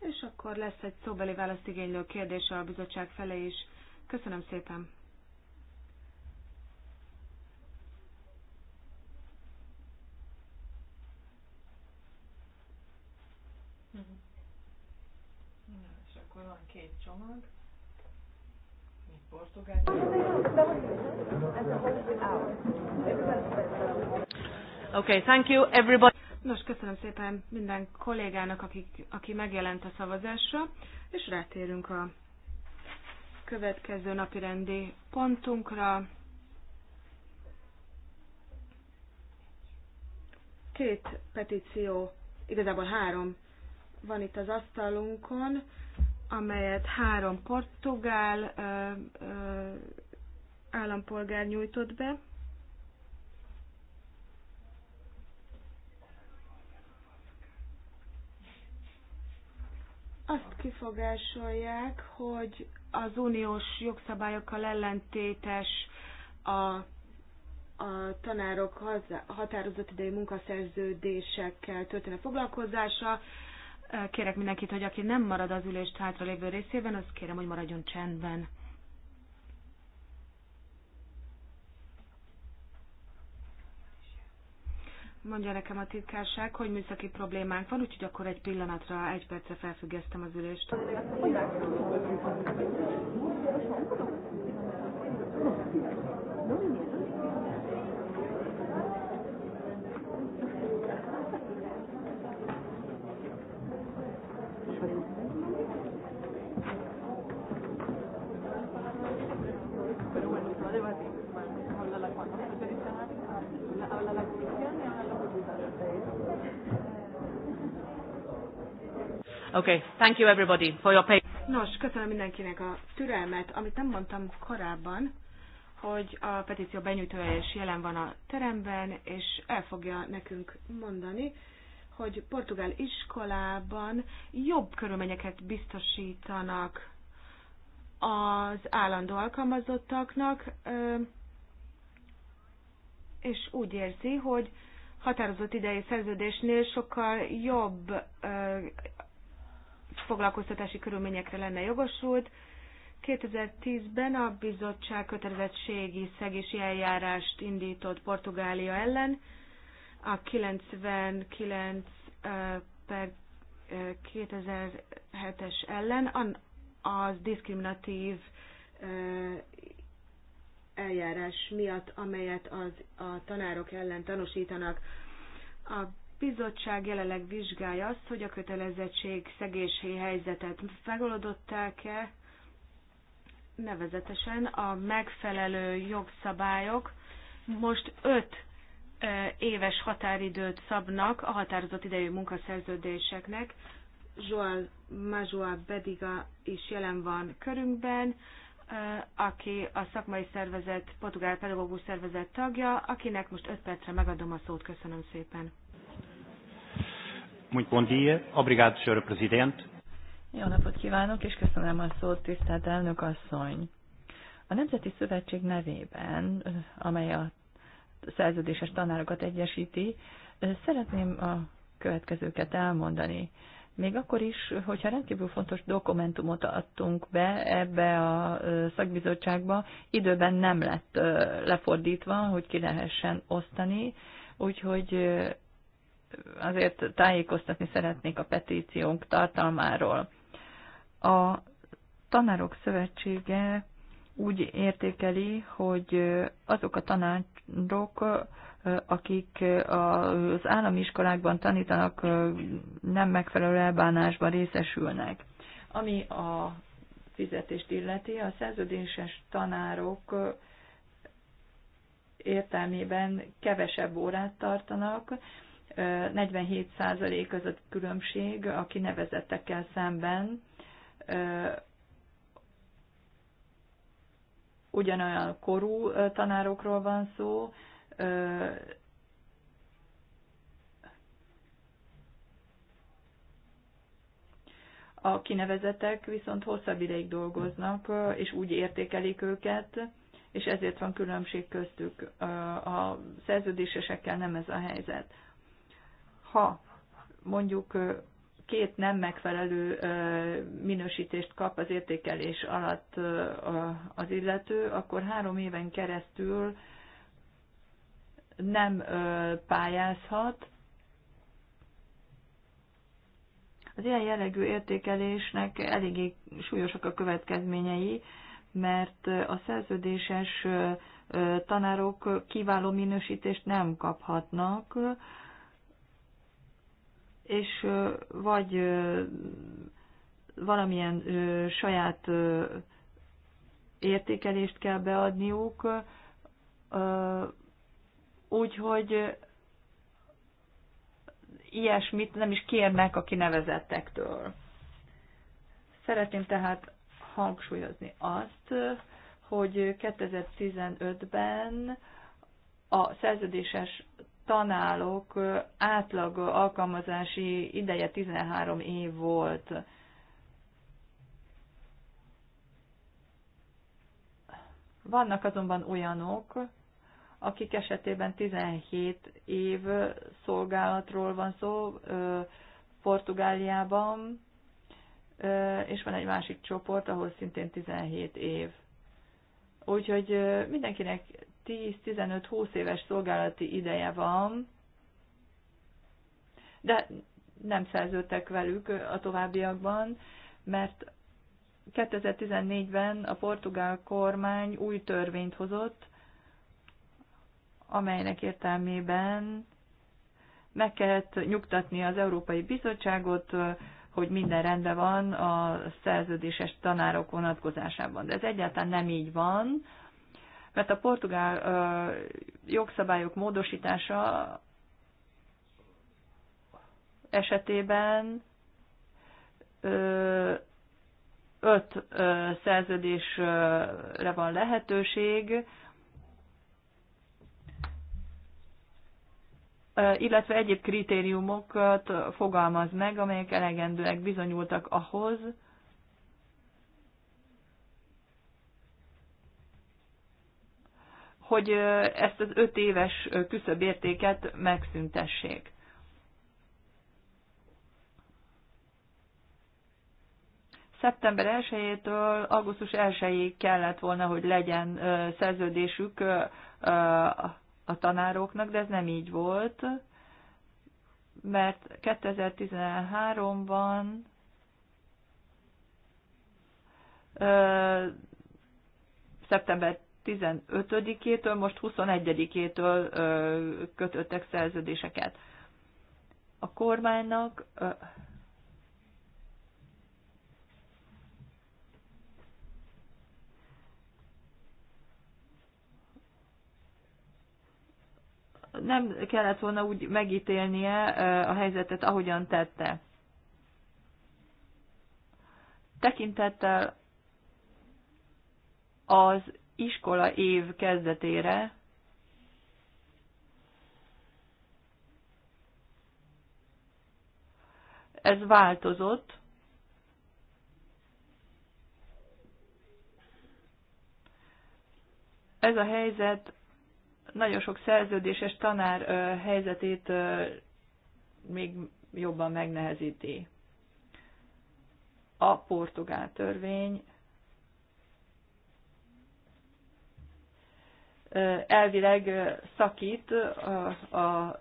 És akkor lesz egy szóbeli választigénylő kérdése a bizottság fele is. Köszönöm szépen! akkor van két csomag. Még portugál. Okay, thank you everybody. Nos, köszönöm szépen minden kollégának, akik, aki megjelent a szavazásra, és rátérünk a következő napi rendi pontunkra. Két petíció, igazából három van itt az asztalunkon amelyet három portugál ö, ö, állampolgár nyújtott be. Azt kifogásolják, hogy az uniós jogszabályokkal ellentétes a, a tanárok haza, határozott idei munkaszerződésekkel történő foglalkozása, Kérek mindenkit, hogy aki nem marad az ülést hátralévő részében, az kérem, hogy maradjon csendben. Mondja nekem a titkárság, hogy műszaki problémánk van, úgyhogy akkor egy pillanatra, egy percre felfüggesztem az ülést. Okay, thank you everybody for your patience. Nos, köszönöm mindenkinek a türelmet, amit nem mondtam korábban, hogy a petíció benyújtója is jelen van a teremben, és el fogja nekünk mondani, hogy portugál iskolában jobb körülményeket biztosítanak az állandó alkalmazottaknak, és úgy érzi, hogy határozott idei szerződésnél sokkal jobb foglalkoztatási körülményekre lenne jogosult. 2010-ben a bizottság kötelezettségi szegési eljárást indított Portugália ellen, a 99 per 2007-es ellen az diszkriminatív eljárás miatt, amelyet az, a tanárok ellen tanúsítanak. A bizottság jelenleg vizsgálja azt, hogy a kötelezettség szegési helyzetet megoldották-e, nevezetesen a megfelelő jogszabályok most öt e, éves határidőt szabnak a határozott idejű munkaszerződéseknek. Joel Mazua Bediga is jelen van körünkben, e, aki a szakmai szervezet, Portugál Pedagógus Szervezet tagja, akinek most öt percre megadom a szót. Köszönöm szépen. Muito bom dia. Obrigado, Sr. Presidente. Jó napot kívánok, és köszönöm a szót, tisztelt elnök asszony. A Nemzeti Szövetség nevében, amely a szerződéses tanárokat egyesíti, szeretném a következőket elmondani. Még akkor is, hogyha rendkívül fontos dokumentumot adtunk be ebbe a szakbizottságba, időben nem lett lefordítva, hogy ki lehessen osztani, úgyhogy azért tájékoztatni szeretnék a petíciónk tartalmáról. A Tanárok Szövetsége úgy értékeli, hogy azok a tanárok, akik az állami iskolákban tanítanak, nem megfelelő elbánásban részesülnek. Ami a fizetést illeti, a szerződéses tanárok értelmében kevesebb órát tartanak, 47% az a különbség a kinevezettekkel szemben ugyanolyan korú tanárokról van szó, A kinevezetek viszont hosszabb ideig dolgoznak, és úgy értékelik őket, és ezért van különbség köztük. A szerződésesekkel nem ez a helyzet ha mondjuk két nem megfelelő minősítést kap az értékelés alatt az illető, akkor három éven keresztül nem pályázhat. Az ilyen jellegű értékelésnek eléggé súlyosak a következményei, mert a szerződéses tanárok kiváló minősítést nem kaphatnak, és vagy valamilyen saját értékelést kell beadniuk, úgyhogy ilyesmit nem is kérnek a kinevezettektől. Szeretném tehát hangsúlyozni azt, hogy 2015-ben a szerződéses Tanálok átlag alkalmazási ideje 13 év volt. Vannak azonban olyanok, akik esetében 17 év szolgálatról van szó Portugáliában, és van egy másik csoport, ahol szintén 17 év. Úgyhogy mindenkinek 10-15-20 éves szolgálati ideje van, de nem szerződtek velük a továbbiakban, mert 2014-ben a portugál kormány új törvényt hozott, amelynek értelmében meg kellett nyugtatni az Európai Bizottságot, hogy minden rendben van a szerződéses tanárok vonatkozásában. De ez egyáltalán nem így van mert a portugál ö, jogszabályok módosítása esetében ö, öt ö, szerződésre van lehetőség, illetve egyéb kritériumokat fogalmaz meg, amelyek elegendőek bizonyultak ahhoz, hogy ezt az öt éves küszöbértéket megszüntessék. Szeptember 1-től augusztus 1-ig kellett volna, hogy legyen szerződésük a tanároknak, de ez nem így volt, mert 2013-ban szeptember 15-től, most 21-től kötöttek szerződéseket. A kormánynak nem kellett volna úgy megítélnie a helyzetet, ahogyan tette. Tekintettel az iskola év kezdetére ez változott, ez a helyzet nagyon sok szerződéses tanár helyzetét még jobban megnehezíti. A portugál törvény elvileg szakít a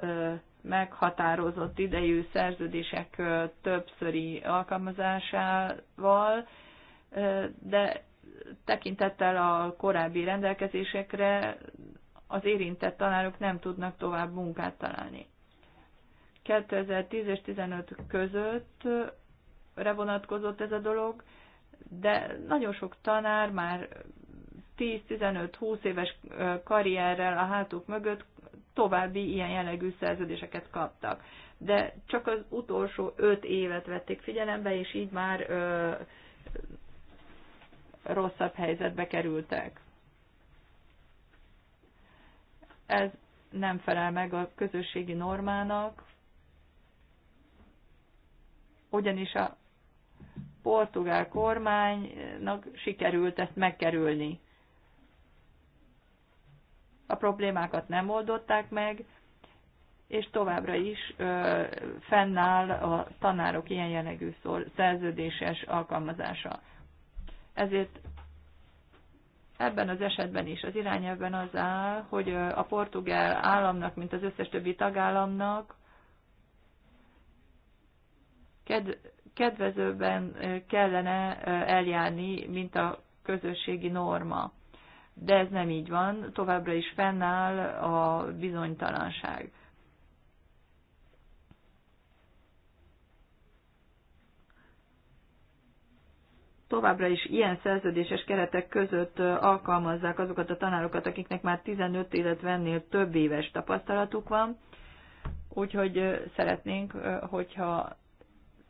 meghatározott idejű szerződések többszöri alkalmazásával, de tekintettel a korábbi rendelkezésekre az érintett tanárok nem tudnak tovább munkát találni. 2010 és 15 között vonatkozott ez a dolog, de nagyon sok tanár már 10-15-20 éves karrierrel a hátuk mögött további ilyen jellegű szerződéseket kaptak. De csak az utolsó 5 évet vették figyelembe, és így már ö, rosszabb helyzetbe kerültek. Ez nem felel meg a közösségi normának, ugyanis a portugál kormánynak sikerült ezt megkerülni a problémákat nem oldották meg, és továbbra is ö, fennáll a tanárok ilyen jellegű szerződéses alkalmazása. Ezért ebben az esetben is az irányelvben az áll, hogy a portugál államnak, mint az összes többi tagállamnak ked kedvezőben kellene eljárni, mint a közösségi norma de ez nem így van, továbbra is fennáll a bizonytalanság. továbbra is ilyen szerződéses keretek között alkalmazzák azokat a tanárokat, akiknek már 15, illetve ennél több éves tapasztalatuk van. Úgyhogy szeretnénk, hogyha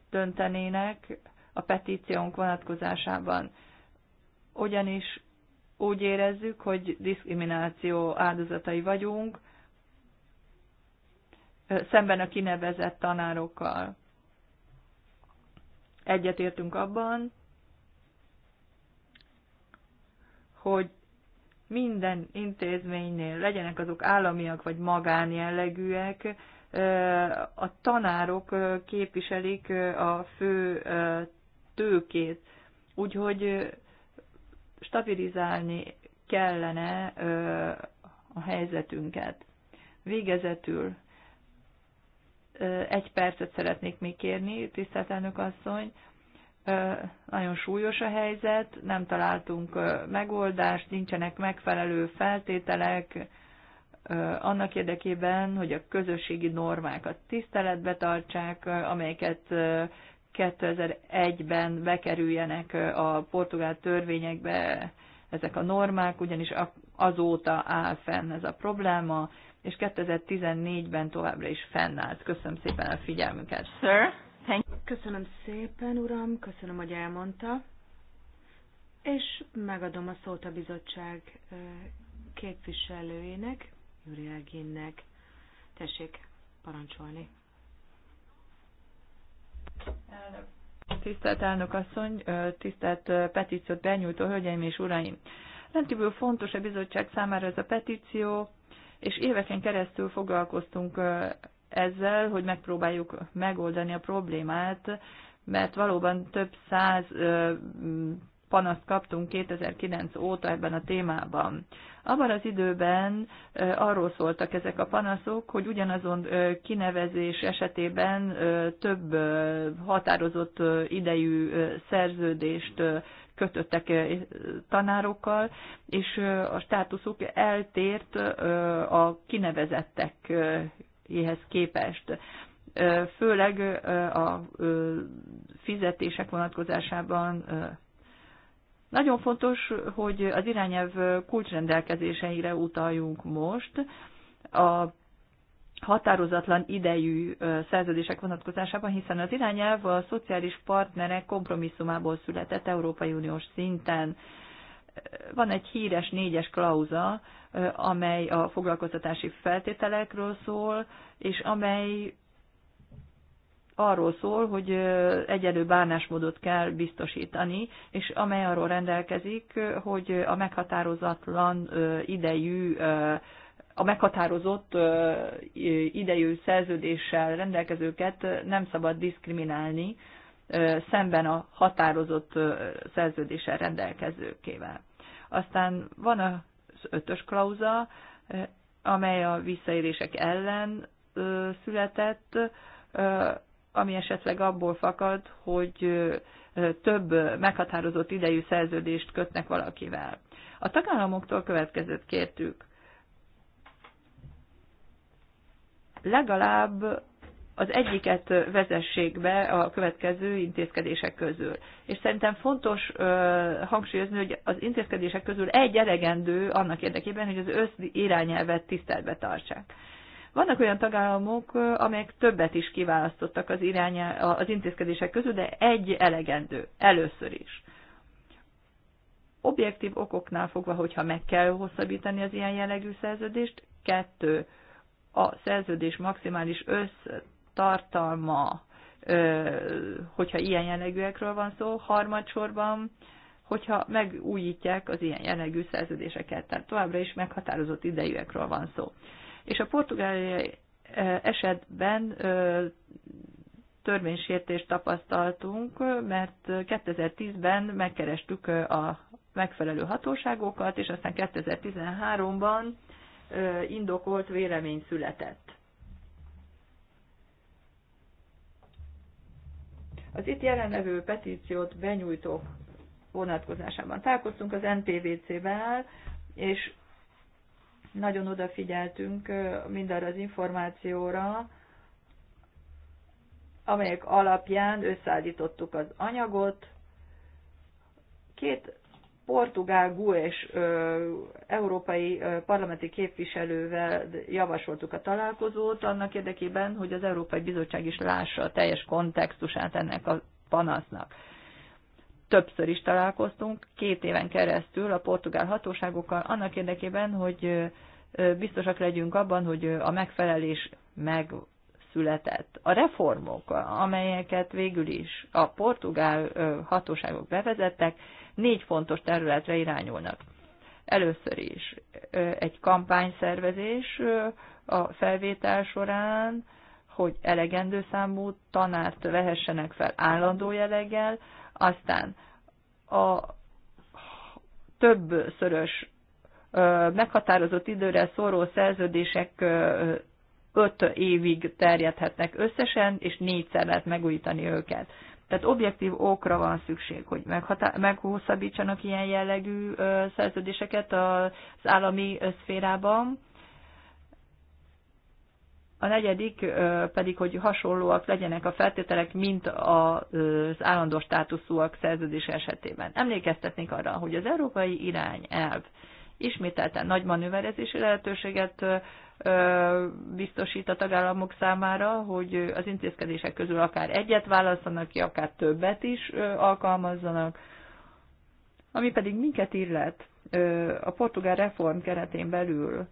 döntenének a petíciónk vonatkozásában. Ugyanis úgy érezzük, hogy diszkrimináció áldozatai vagyunk, szemben a kinevezett tanárokkal. Egyetértünk abban, hogy minden intézménynél, legyenek azok államiak vagy magánjellegűek, a tanárok képviselik a fő tőkét. Úgyhogy stabilizálni kellene a helyzetünket. Végezetül egy percet szeretnék még kérni, tisztelt elnök asszony. Nagyon súlyos a helyzet, nem találtunk megoldást, nincsenek megfelelő feltételek annak érdekében, hogy a közösségi normákat tiszteletbe tartsák, amelyeket 2001-ben bekerüljenek a portugál törvényekbe ezek a normák, ugyanis azóta áll fenn ez a probléma, és 2014-ben továbbra is fennállt. Köszönöm szépen a figyelmüket. Sir, thank you. Köszönöm szépen, uram, köszönöm, hogy elmondta, és megadom a szót a bizottság képviselőjének, Júri Elginnek. Tessék parancsolni. Elnök. Tisztelt elnök asszony, tisztelt petíciót benyújtó hölgyeim és uraim! Rendkívül fontos a bizottság számára ez a petíció, és éveken keresztül foglalkoztunk ezzel, hogy megpróbáljuk megoldani a problémát, mert valóban több száz panaszt kaptunk 2009 óta ebben a témában. Abban az időben arról szóltak ezek a panaszok, hogy ugyanazon kinevezés esetében több határozott idejű szerződést kötöttek tanárokkal, és a státuszuk eltért a kinevezettekhez képest főleg a fizetések vonatkozásában nagyon fontos, hogy az irányelv kulcsrendelkezéseire utaljunk most. A határozatlan idejű szerződések vonatkozásában, hiszen az irányelv a szociális partnerek kompromisszumából született Európai Uniós szinten. Van egy híres négyes klauza, amely a foglalkoztatási feltételekről szól, és amely arról szól, hogy egyelő bánásmódot kell biztosítani, és amely arról rendelkezik, hogy a meghatározatlan idejű a meghatározott idejű szerződéssel rendelkezőket nem szabad diszkriminálni szemben a határozott szerződéssel rendelkezőkével. Aztán van az ötös klauza, amely a visszaérések ellen született, ami esetleg abból fakad, hogy több meghatározott idejű szerződést kötnek valakivel. A tagállamoktól következőt kértük. Legalább az egyiket vezessék be a következő intézkedések közül. És szerintem fontos ö, hangsúlyozni, hogy az intézkedések közül egy elegendő annak érdekében, hogy az össz irányelvet tiszteletbe tartsák. Vannak olyan tagállamok, amelyek többet is kiválasztottak az, irány az intézkedések közül, de egy elegendő, először is. Objektív okoknál fogva, hogyha meg kell hosszabbítani az ilyen jellegű szerződést, kettő, a szerződés maximális összetartalma, hogyha ilyen jellegűekről van szó, harmadsorban, hogyha megújítják az ilyen jellegű szerződéseket, tehát továbbra is meghatározott idejűekről van szó és a portugáliai e, esetben e, törvénysértést tapasztaltunk, mert 2010-ben megkerestük e, a megfelelő hatóságokat, és aztán 2013-ban indokolt vélemény született. Az itt jelenlevő petíciót benyújtók vonatkozásában találkoztunk az NPVC-vel, és nagyon odafigyeltünk mindarra az információra, amelyek alapján összeállítottuk az anyagot. Két portugál és európai parlamenti képviselővel javasoltuk a találkozót annak érdekében, hogy az Európai Bizottság is lássa a teljes kontextusát ennek a panasznak többször is találkoztunk, két éven keresztül a portugál hatóságokkal, annak érdekében, hogy biztosak legyünk abban, hogy a megfelelés megszületett. A reformok, amelyeket végül is a portugál hatóságok bevezettek, négy fontos területre irányulnak. Először is egy kampányszervezés a felvétel során, hogy elegendő számú tanárt vehessenek fel állandó jelleggel, aztán a többszörös meghatározott időre szóró szerződések öt évig terjedhetnek összesen, és négyszer lehet megújítani őket. Tehát objektív okra van szükség, hogy meghosszabbítsanak ilyen jellegű szerződéseket az állami szférában, a negyedik pedig, hogy hasonlóak legyenek a feltételek, mint az állandó státuszúak szerződés esetében. Emlékeztetnék arra, hogy az európai elv ismételten nagy manőverezési lehetőséget biztosít a tagállamok számára, hogy az intézkedések közül akár egyet válaszanak, ki, akár többet is alkalmazzanak. Ami pedig minket illet, a portugál reform keretén belül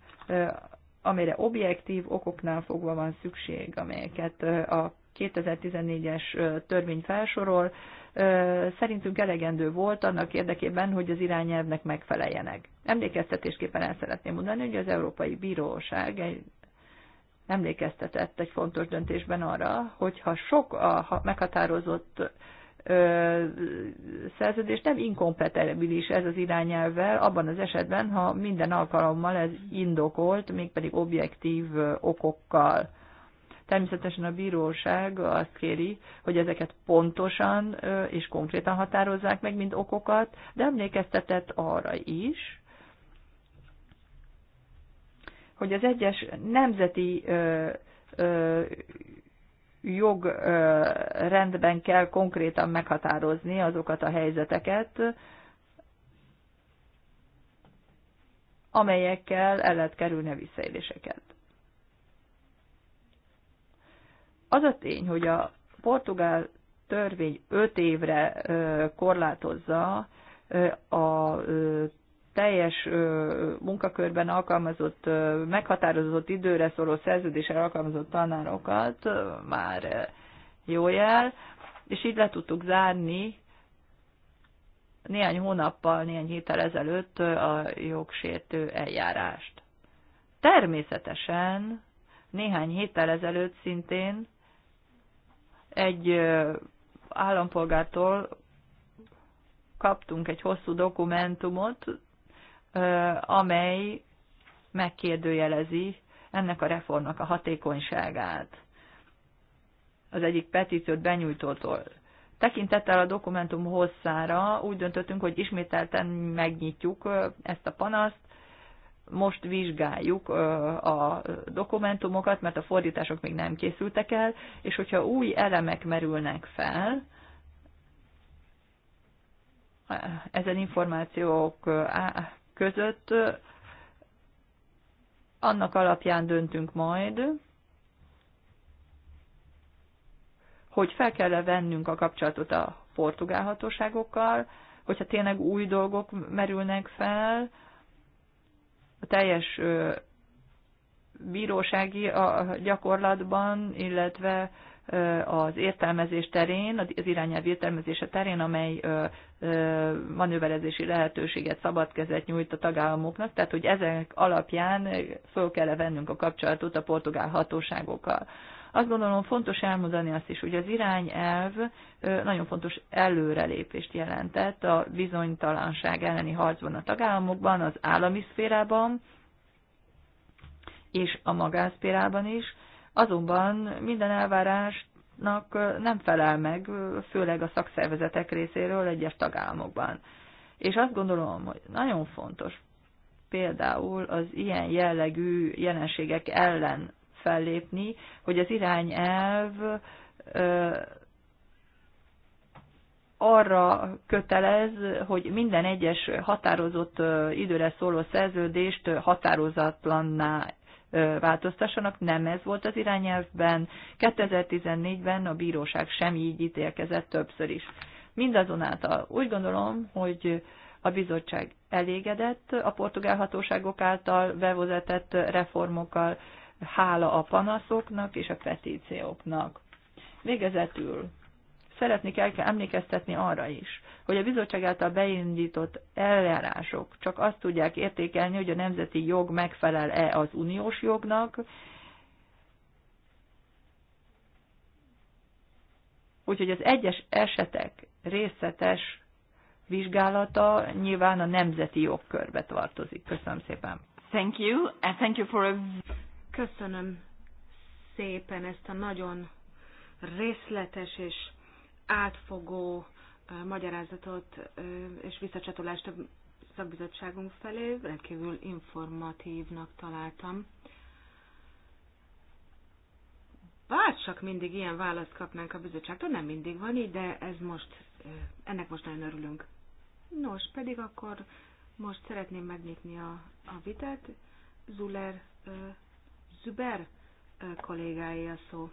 amire objektív okoknál fogva van szükség, amelyeket a 2014-es törvény felsorol, szerintünk elegendő volt annak érdekében, hogy az irányelvnek megfeleljenek. Emlékeztetésképpen el szeretném mondani, hogy az Európai Bíróság egy emlékeztetett egy fontos döntésben arra, hogy ha sok a meghatározott szerződés nem inkompatibilis ez az irányelvvel, abban az esetben, ha minden alkalommal ez indokolt, mégpedig objektív okokkal. Természetesen a bíróság azt kéri, hogy ezeket pontosan és konkrétan határozzák meg, mint okokat, de emlékeztetett arra is, hogy az egyes nemzeti ö, ö, jogrendben kell konkrétan meghatározni azokat a helyzeteket, amelyekkel el lehet kerülni a visszaéléseket. Az a tény, hogy a portugál törvény 5 évre korlátozza a teljes munkakörben alkalmazott, meghatározott időre szóló szerződésre alkalmazott tanárokat már jó jel, és így le tudtuk zárni néhány hónappal, néhány héttel ezelőtt a jogsértő eljárást. Természetesen néhány héttel ezelőtt szintén egy állampolgártól kaptunk egy hosszú dokumentumot, amely megkérdőjelezi ennek a reformnak a hatékonyságát az egyik petíciót benyújtótól. Tekintettel a dokumentum hosszára úgy döntöttünk, hogy ismételten megnyitjuk ezt a panaszt, most vizsgáljuk a dokumentumokat, mert a fordítások még nem készültek el, és hogyha új elemek merülnek fel, ezen információk között, annak alapján döntünk majd, hogy fel kell -e vennünk a kapcsolatot a portugál hatóságokkal, hogyha tényleg új dolgok merülnek fel, a teljes bírósági gyakorlatban, illetve az értelmezés terén, az irányelv értelmezése terén, amely manőverezési lehetőséget, szabad kezet nyújt a tagállamoknak, tehát hogy ezek alapján föl kell -e vennünk a kapcsolatot a portugál hatóságokkal. Azt gondolom fontos elmondani azt is, hogy az irányelv nagyon fontos előrelépést jelentett a bizonytalanság elleni harcban a tagállamokban, az állami szférában és a magánszférában is, Azonban minden elvárásnak nem felel meg, főleg a szakszervezetek részéről egyes tagállamokban. És azt gondolom, hogy nagyon fontos például az ilyen jellegű jelenségek ellen fellépni, hogy az irányelv arra kötelez, hogy minden egyes határozott időre szóló szerződést határozatlanná változtassanak, nem ez volt az irányelvben. 2014-ben a bíróság sem így ítélkezett többször is. Mindazonáltal úgy gondolom, hogy a bizottság elégedett a portugál hatóságok által bevezetett reformokkal, hála a panaszoknak és a petícióknak. Végezetül Szeretnék emlékeztetni arra is, hogy a bizottság által beindított eljárások csak azt tudják értékelni, hogy a nemzeti jog megfelel-e az uniós jognak, Úgyhogy az egyes esetek részletes vizsgálata nyilván a nemzeti jogkörbe tartozik. Köszönöm szépen. Thank you, thank you for a... Köszönöm szépen ezt a nagyon részletes és átfogó magyarázatot és visszacsatolást a szakbizottságunk felé, rendkívül informatívnak találtam. Bár csak mindig ilyen választ kapnánk a bizottságtól, nem mindig van így, de ez most, ennek most nagyon örülünk. Nos, pedig akkor most szeretném megnyitni a, a vitát. Zuller, Züber kollégái a szó.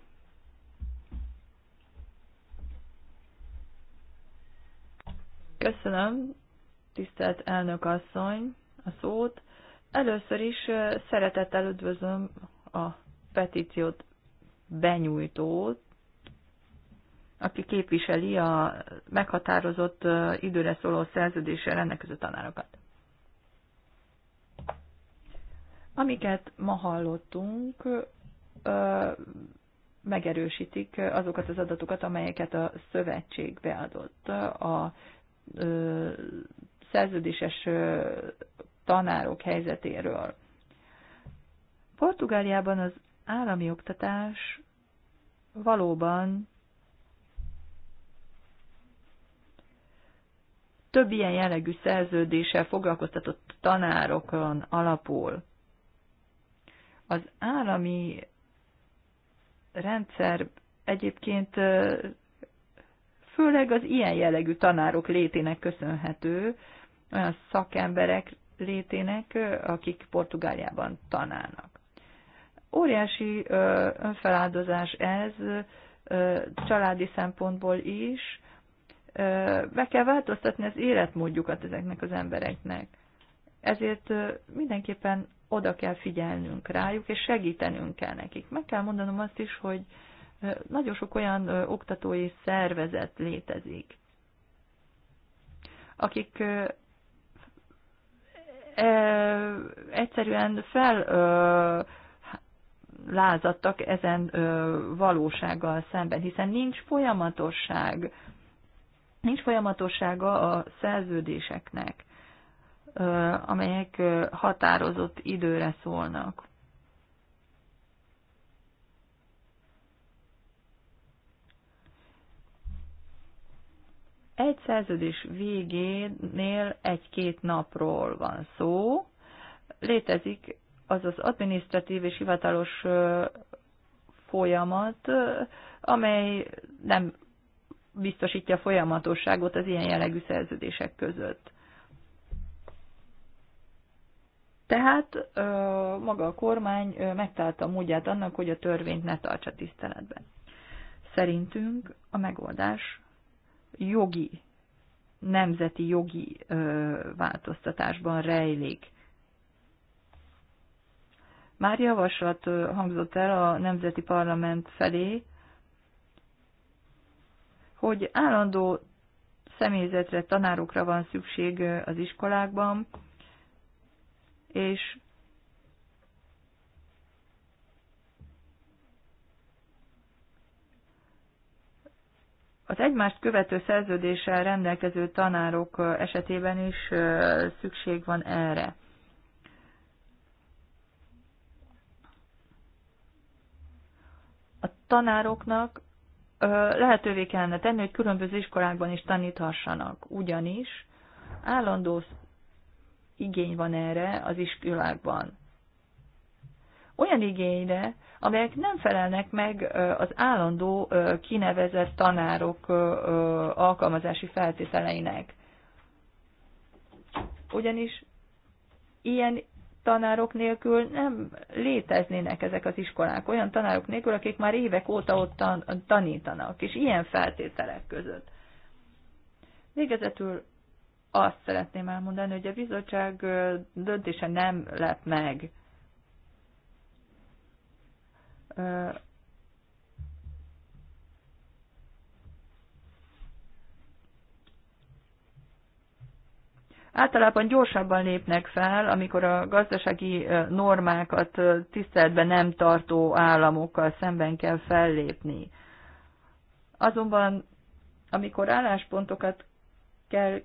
Köszönöm, tisztelt elnök asszony, a szót. Először is szeretettel üdvözlöm a petíciót benyújtót, aki képviseli a meghatározott időre szóló szerződésre rendelkező tanárokat. Amiket ma hallottunk, megerősítik azokat az adatokat, amelyeket a szövetség beadott a ö, szerződéses ö, tanárok helyzetéről. Portugáliában az állami oktatás valóban több ilyen jellegű szerződéssel foglalkoztatott tanárokon alapul. Az állami rendszer egyébként főleg az ilyen jellegű tanárok létének köszönhető, olyan szakemberek létének, akik Portugáliában tanálnak. Óriási önfeláldozás ez családi szempontból is. Be kell változtatni az életmódjukat ezeknek az embereknek. Ezért mindenképpen oda kell figyelnünk rájuk, és segítenünk kell nekik. Meg kell mondanom azt is, hogy nagyon sok olyan oktatói szervezet létezik, akik e, egyszerűen fel lázadtak ezen valósággal szemben, hiszen nincs folyamatosság, nincs folyamatossága a szerződéseknek, amelyek határozott időre szólnak. Egy szerződés végénél egy-két napról van szó. Létezik az az adminisztratív és hivatalos folyamat, amely nem biztosítja folyamatosságot az ilyen jellegű szerződések között. Tehát maga a kormány megtalálta a módját annak, hogy a törvényt ne tartsa tiszteletben. Szerintünk a megoldás jogi, nemzeti jogi változtatásban rejlik. Már javaslat hangzott el a Nemzeti Parlament felé, hogy állandó személyzetre, tanárokra van szükség az iskolákban, és Az egymást követő szerződéssel rendelkező tanárok esetében is szükség van erre. A tanároknak lehetővé kellene tenni, hogy különböző iskolákban is taníthassanak, ugyanis állandó igény van erre az iskolákban. Olyan igényre, amelyek nem felelnek meg az állandó kinevezett tanárok alkalmazási feltételeinek. Ugyanis ilyen tanárok nélkül nem léteznének ezek az iskolák, olyan tanárok nélkül, akik már évek óta ott tanítanak, és ilyen feltételek között. Végezetül azt szeretném elmondani, hogy a bizottság döntése nem lett meg általában gyorsabban lépnek fel, amikor a gazdasági normákat tiszteletben nem tartó államokkal szemben kell fellépni. Azonban, amikor álláspontokat kell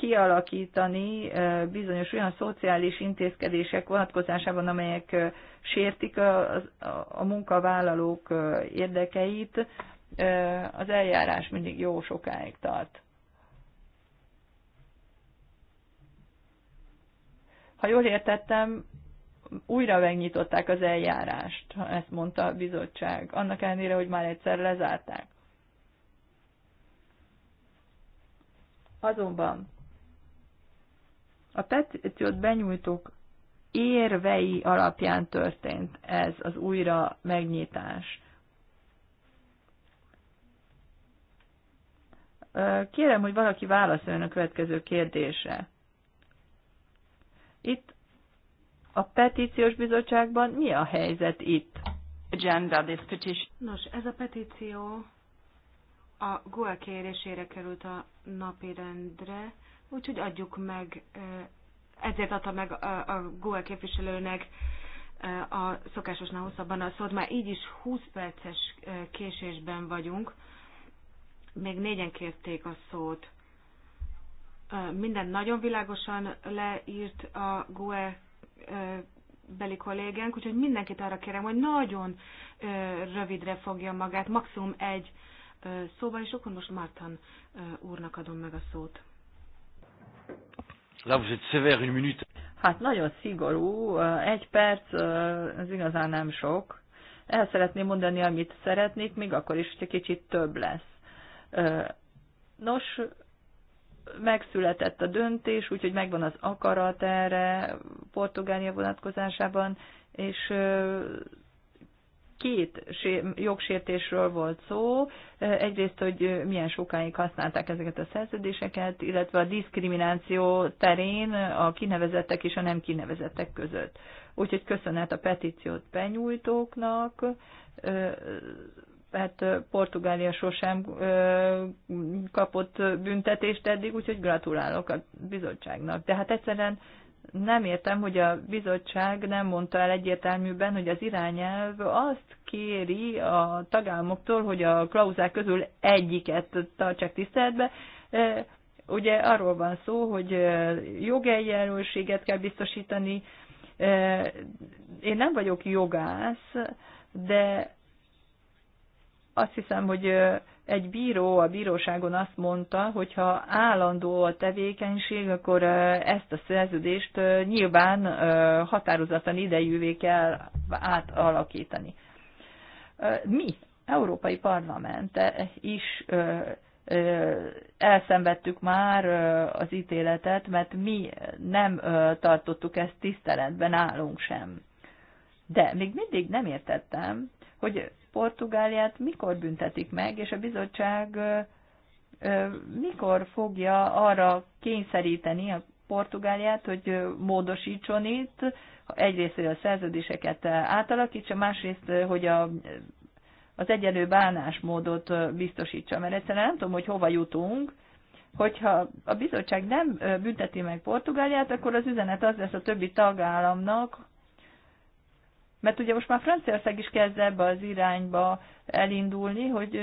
kialakítani bizonyos olyan szociális intézkedések vonatkozásában, amelyek sértik a, a munkavállalók érdekeit, az eljárás mindig jó sokáig tart. Ha jól értettem, újra megnyitották az eljárást, ezt mondta a bizottság, annak ellenére, hogy már egyszer lezárták. Azonban a petíciót benyújtók érvei alapján történt ez az újra megnyitás. Kérem, hogy valaki válaszoljon a következő kérdésre. Itt a petíciós bizottságban mi a helyzet itt? Agenda, this petition. Nos, ez a petíció a GUA kérésére került a napirendre. Úgyhogy adjuk meg, ezért adta meg a, Google képviselőnek a szokásosnál hosszabban a szót, már így is 20 perces késésben vagyunk, még négyen kérték a szót. Minden nagyon világosan leírt a GUE beli kollégánk, úgyhogy mindenkit arra kérem, hogy nagyon rövidre fogja magát, maximum egy szóval, és akkor most Marton úrnak adom meg a szót. Là, vous êtes sévère, une minute. Hát nagyon szigorú, eh, egy perc, eh, ez igazán nem sok. El szeretném mondani, amit szeretnék, még akkor is, hogy kicsit több lesz. Eh, nos, megszületett a döntés, úgyhogy megvan az akarat erre Portugália vonatkozásában, és két jogsértésről volt szó. Egyrészt, hogy milyen sokáig használták ezeket a szerződéseket, illetve a diszkrimináció terén a kinevezettek és a nem kinevezettek között. Úgyhogy köszönet a petíciót benyújtóknak, hát Portugália sosem kapott büntetést eddig, úgyhogy gratulálok a bizottságnak. De hát egyszerűen nem értem, hogy a bizottság nem mondta el egyértelműben, hogy az irányelv azt kéri a tagállamoktól, hogy a klauzák közül egyiket tartsák tiszteletbe. E, ugye arról van szó, hogy e, jogeljelölséget kell biztosítani. E, én nem vagyok jogász, de azt hiszem, hogy egy bíró a bíróságon azt mondta, hogy ha állandó a tevékenység, akkor ezt a szerződést nyilván határozatlan idejűvé kell átalakítani. Mi, Európai Parlament e, is elszenvedtük már az ítéletet, mert mi nem tartottuk ezt tiszteletben, állunk sem. De még mindig nem értettem, hogy Portugáliát mikor büntetik meg, és a bizottság mikor fogja arra kényszeríteni a Portugáliát, hogy módosítson itt, egyrészt, hogy a szerződéseket átalakítsa, másrészt, hogy a, az egyenlő bánásmódot biztosítsa, mert egyszerűen nem tudom, hogy hova jutunk, hogyha a bizottság nem bünteti meg Portugáliát, akkor az üzenet az lesz a többi tagállamnak, mert ugye most már Franciaország is kezd ebbe az irányba elindulni, hogy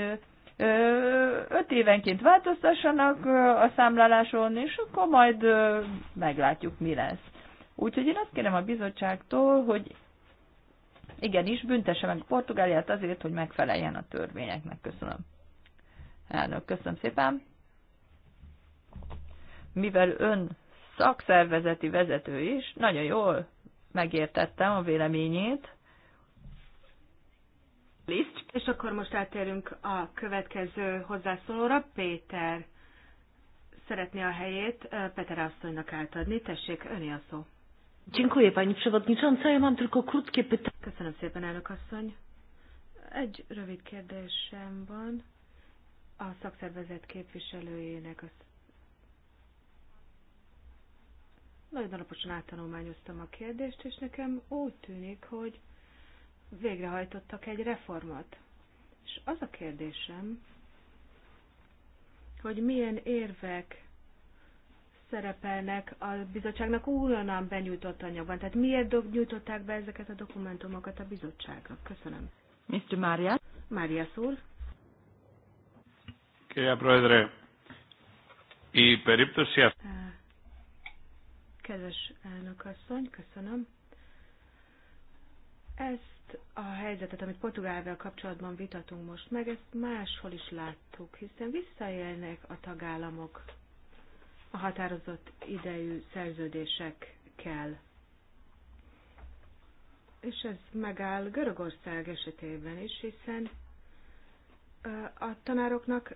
öt évenként változtassanak a számláláson, és akkor majd meglátjuk, mi lesz. Úgyhogy én azt kérem a bizottságtól, hogy igenis, büntesse meg Portugáliát azért, hogy megfeleljen a törvényeknek. Köszönöm. Elnök, köszönöm szépen. Mivel ön szakszervezeti vezető is, nagyon jól megértettem a véleményét. List. És akkor most átérünk a következő hozzászólóra. Péter szeretné a helyét Peter asszonynak átadni. Tessék, öné a szó. Dziękuję pani przewodnicząca. Ja mam tylko krótkie pytanie. Köszönöm szépen, elnök asszony. Egy rövid kérdésem van a szakszervezet képviselőjének, a Nagyon alaposan áttanulmányoztam a kérdést, és nekem úgy tűnik, hogy végrehajtottak egy reformat, És az a kérdésem, hogy milyen érvek szerepelnek a bizottságnak újonnan benyújtott anyagban. Tehát miért do- nyújtották be ezeket a dokumentumokat a bizottságra? Köszönöm. Mr. Mária. Mária úr. Kéja Prodre, η περίπτωση Kedves elnökasszony, köszönöm. Ezt a helyzetet, amit Portugálvel kapcsolatban vitatunk most meg, ezt máshol is láttuk, hiszen visszaélnek a tagállamok a határozott idejű szerződésekkel. És ez megáll Görögország esetében is, hiszen a tanároknak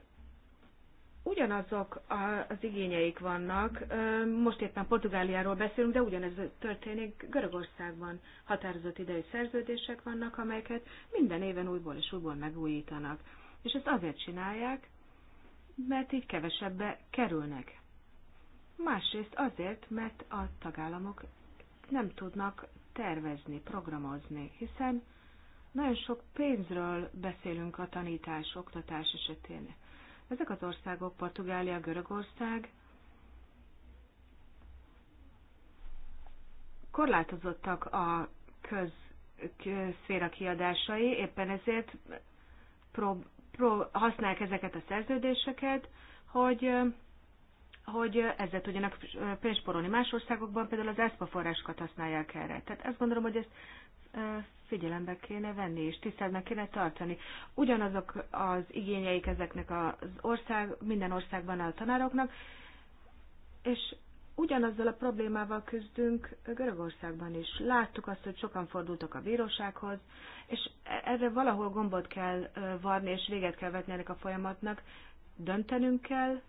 ugyanazok az igényeik vannak. Most éppen Portugáliáról beszélünk, de ugyanez történik Görögországban. Határozott idei szerződések vannak, amelyeket minden éven újból és újból megújítanak. És ezt azért csinálják, mert így kevesebbe kerülnek. Másrészt azért, mert a tagállamok nem tudnak tervezni, programozni, hiszen nagyon sok pénzről beszélünk a tanítás, oktatás esetén ezek az országok, Portugália, Görögország, korlátozottak a köz, szféra kiadásai, éppen ezért pró, pró, használják ezeket a szerződéseket, hogy hogy ezzel tudjanak pénzsporolni. Más országokban például az ESPA forrásokat használják erre. Tehát azt gondolom, hogy ezt figyelembe kéne venni, és tiszteletben kéne tartani. Ugyanazok az igényeik ezeknek az ország, minden országban a tanároknak, és ugyanazzal a problémával küzdünk Görögországban is. Láttuk azt, hogy sokan fordultak a bírósághoz, és erre valahol gombot kell varni, és véget kell vetni ennek a folyamatnak. Döntenünk kell,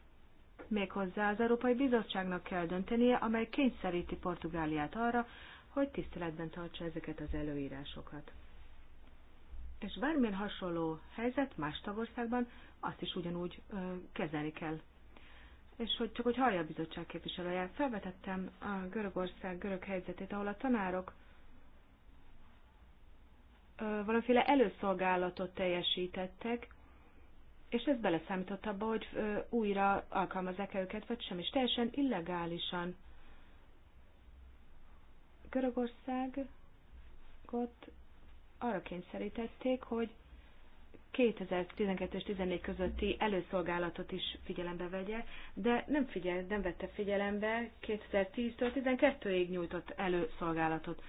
méghozzá az Európai Bizottságnak kell döntenie, amely kényszeríti Portugáliát arra, hogy tiszteletben tartsa ezeket az előírásokat. És bármilyen hasonló helyzet más tagországban azt is ugyanúgy ö, kezelni kell. És hogy csak hogy hallja a bizottság képviselőjét, felvetettem a Görögország görög helyzetét, ahol a tanárok ö, valamiféle előszolgálatot teljesítettek, és ez beleszámított abba, hogy újra alkalmazzák -e őket, vagy sem, és teljesen illegálisan. Görögországot arra kényszerítették, hogy 2012 és 14 közötti előszolgálatot is figyelembe vegye, de nem, figyel, nem vette figyelembe 2010-től 12-ig nyújtott előszolgálatot.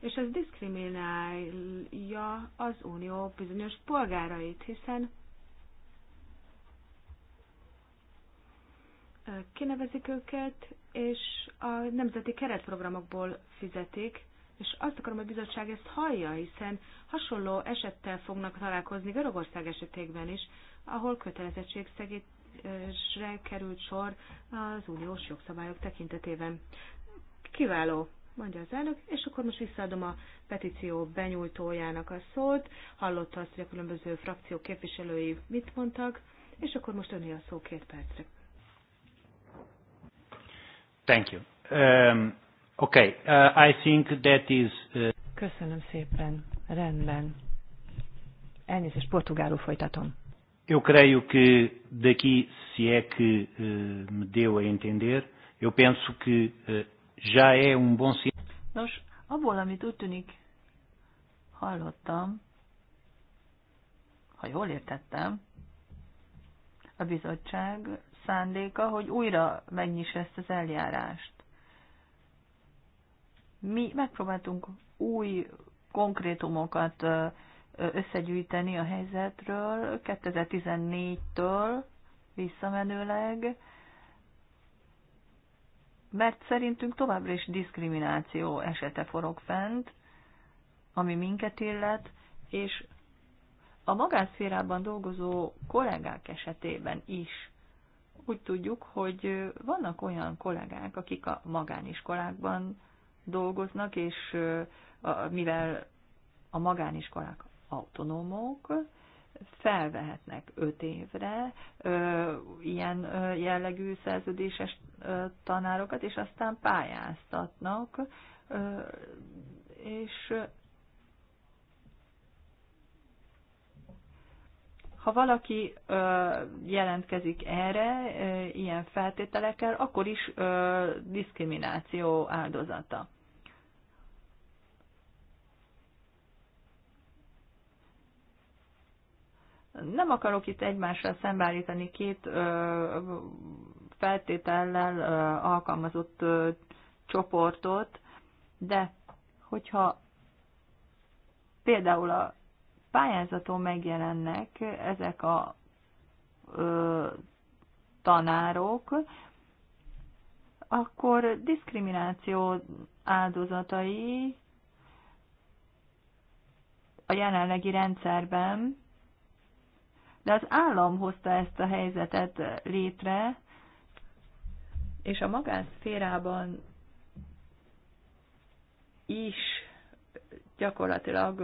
És ez diszkriminálja az unió bizonyos polgárait, hiszen kinevezik őket, és a nemzeti keretprogramokból fizetik, és azt akarom, hogy a bizottság ezt hallja, hiszen hasonló esettel fognak találkozni Görögország esetében is, ahol kötelezettségszegésre került sor az uniós jogszabályok tekintetében. Kiváló, mondja az elnök, és akkor most visszaadom a petíció benyújtójának a szót, hallotta azt, hogy a különböző frakciók képviselői mit mondtak, és akkor most öné a szó két percre. Thank you. Um, okay, uh, I think that is... Uh... Köszönöm szépen. Rendben. Elnézést, portugálul folytatom. Eu creio que daqui, se é que uh, me deu a entender, eu penso que uh, já é um bom sinal. Nos, abból, amit úgy tűnik hallottam, ha jól értettem, a bizottság szándéka, hogy újra megnyisse ezt az eljárást. Mi megpróbáltunk új konkrétumokat összegyűjteni a helyzetről 2014-től visszamenőleg, mert szerintünk továbbra is diszkrimináció esete forog fent, ami minket illet, és a magánszférában dolgozó kollégák esetében is úgy tudjuk, hogy vannak olyan kollégák, akik a magániskolákban dolgoznak, és mivel a magániskolák autonómok, felvehetnek öt évre ö, ilyen ö, jellegű szerződéses ö, tanárokat, és aztán pályáztatnak, ö, és Ha valaki ö, jelentkezik erre ö, ilyen feltételekkel, akkor is ö, diszkrimináció áldozata. Nem akarok itt egymással szembeállítani két ö, feltétellel ö, alkalmazott ö, csoportot, de hogyha például a pályázaton megjelennek ezek a ö, tanárok, akkor diszkrimináció áldozatai a jelenlegi rendszerben, de az állam hozta ezt a helyzetet létre, és a magánszférában is gyakorlatilag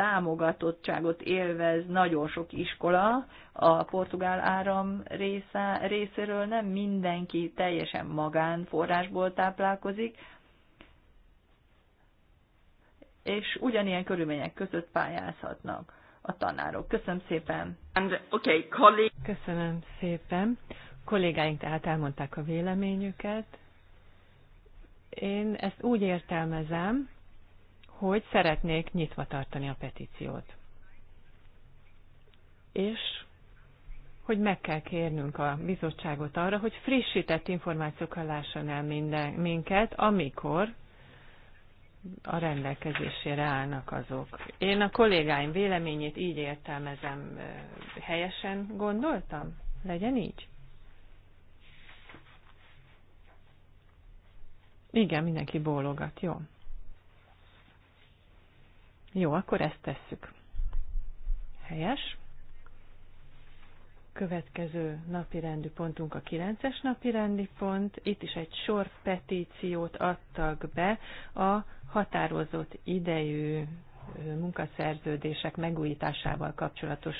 támogatottságot élvez nagyon sok iskola a portugál áram része, részéről, nem mindenki teljesen forrásból táplálkozik, és ugyanilyen körülmények között pályázhatnak a tanárok. Köszönöm szépen! And, okay, colleague... Köszönöm szépen! Kollégáink tehát elmondták a véleményüket. Én ezt úgy értelmezem, hogy szeretnék nyitva tartani a petíciót. És hogy meg kell kérnünk a bizottságot arra, hogy frissített információkkal lásson el minden, minket, amikor a rendelkezésére állnak azok. Én a kollégáim véleményét így értelmezem, helyesen gondoltam? Legyen így? Igen, mindenki bólogat, jó. Jó, akkor ezt tesszük. Helyes. Következő napi rendi pontunk a 9-es napi rendi pont. Itt is egy sor petíciót adtak be a határozott idejű munkaszerződések megújításával kapcsolatos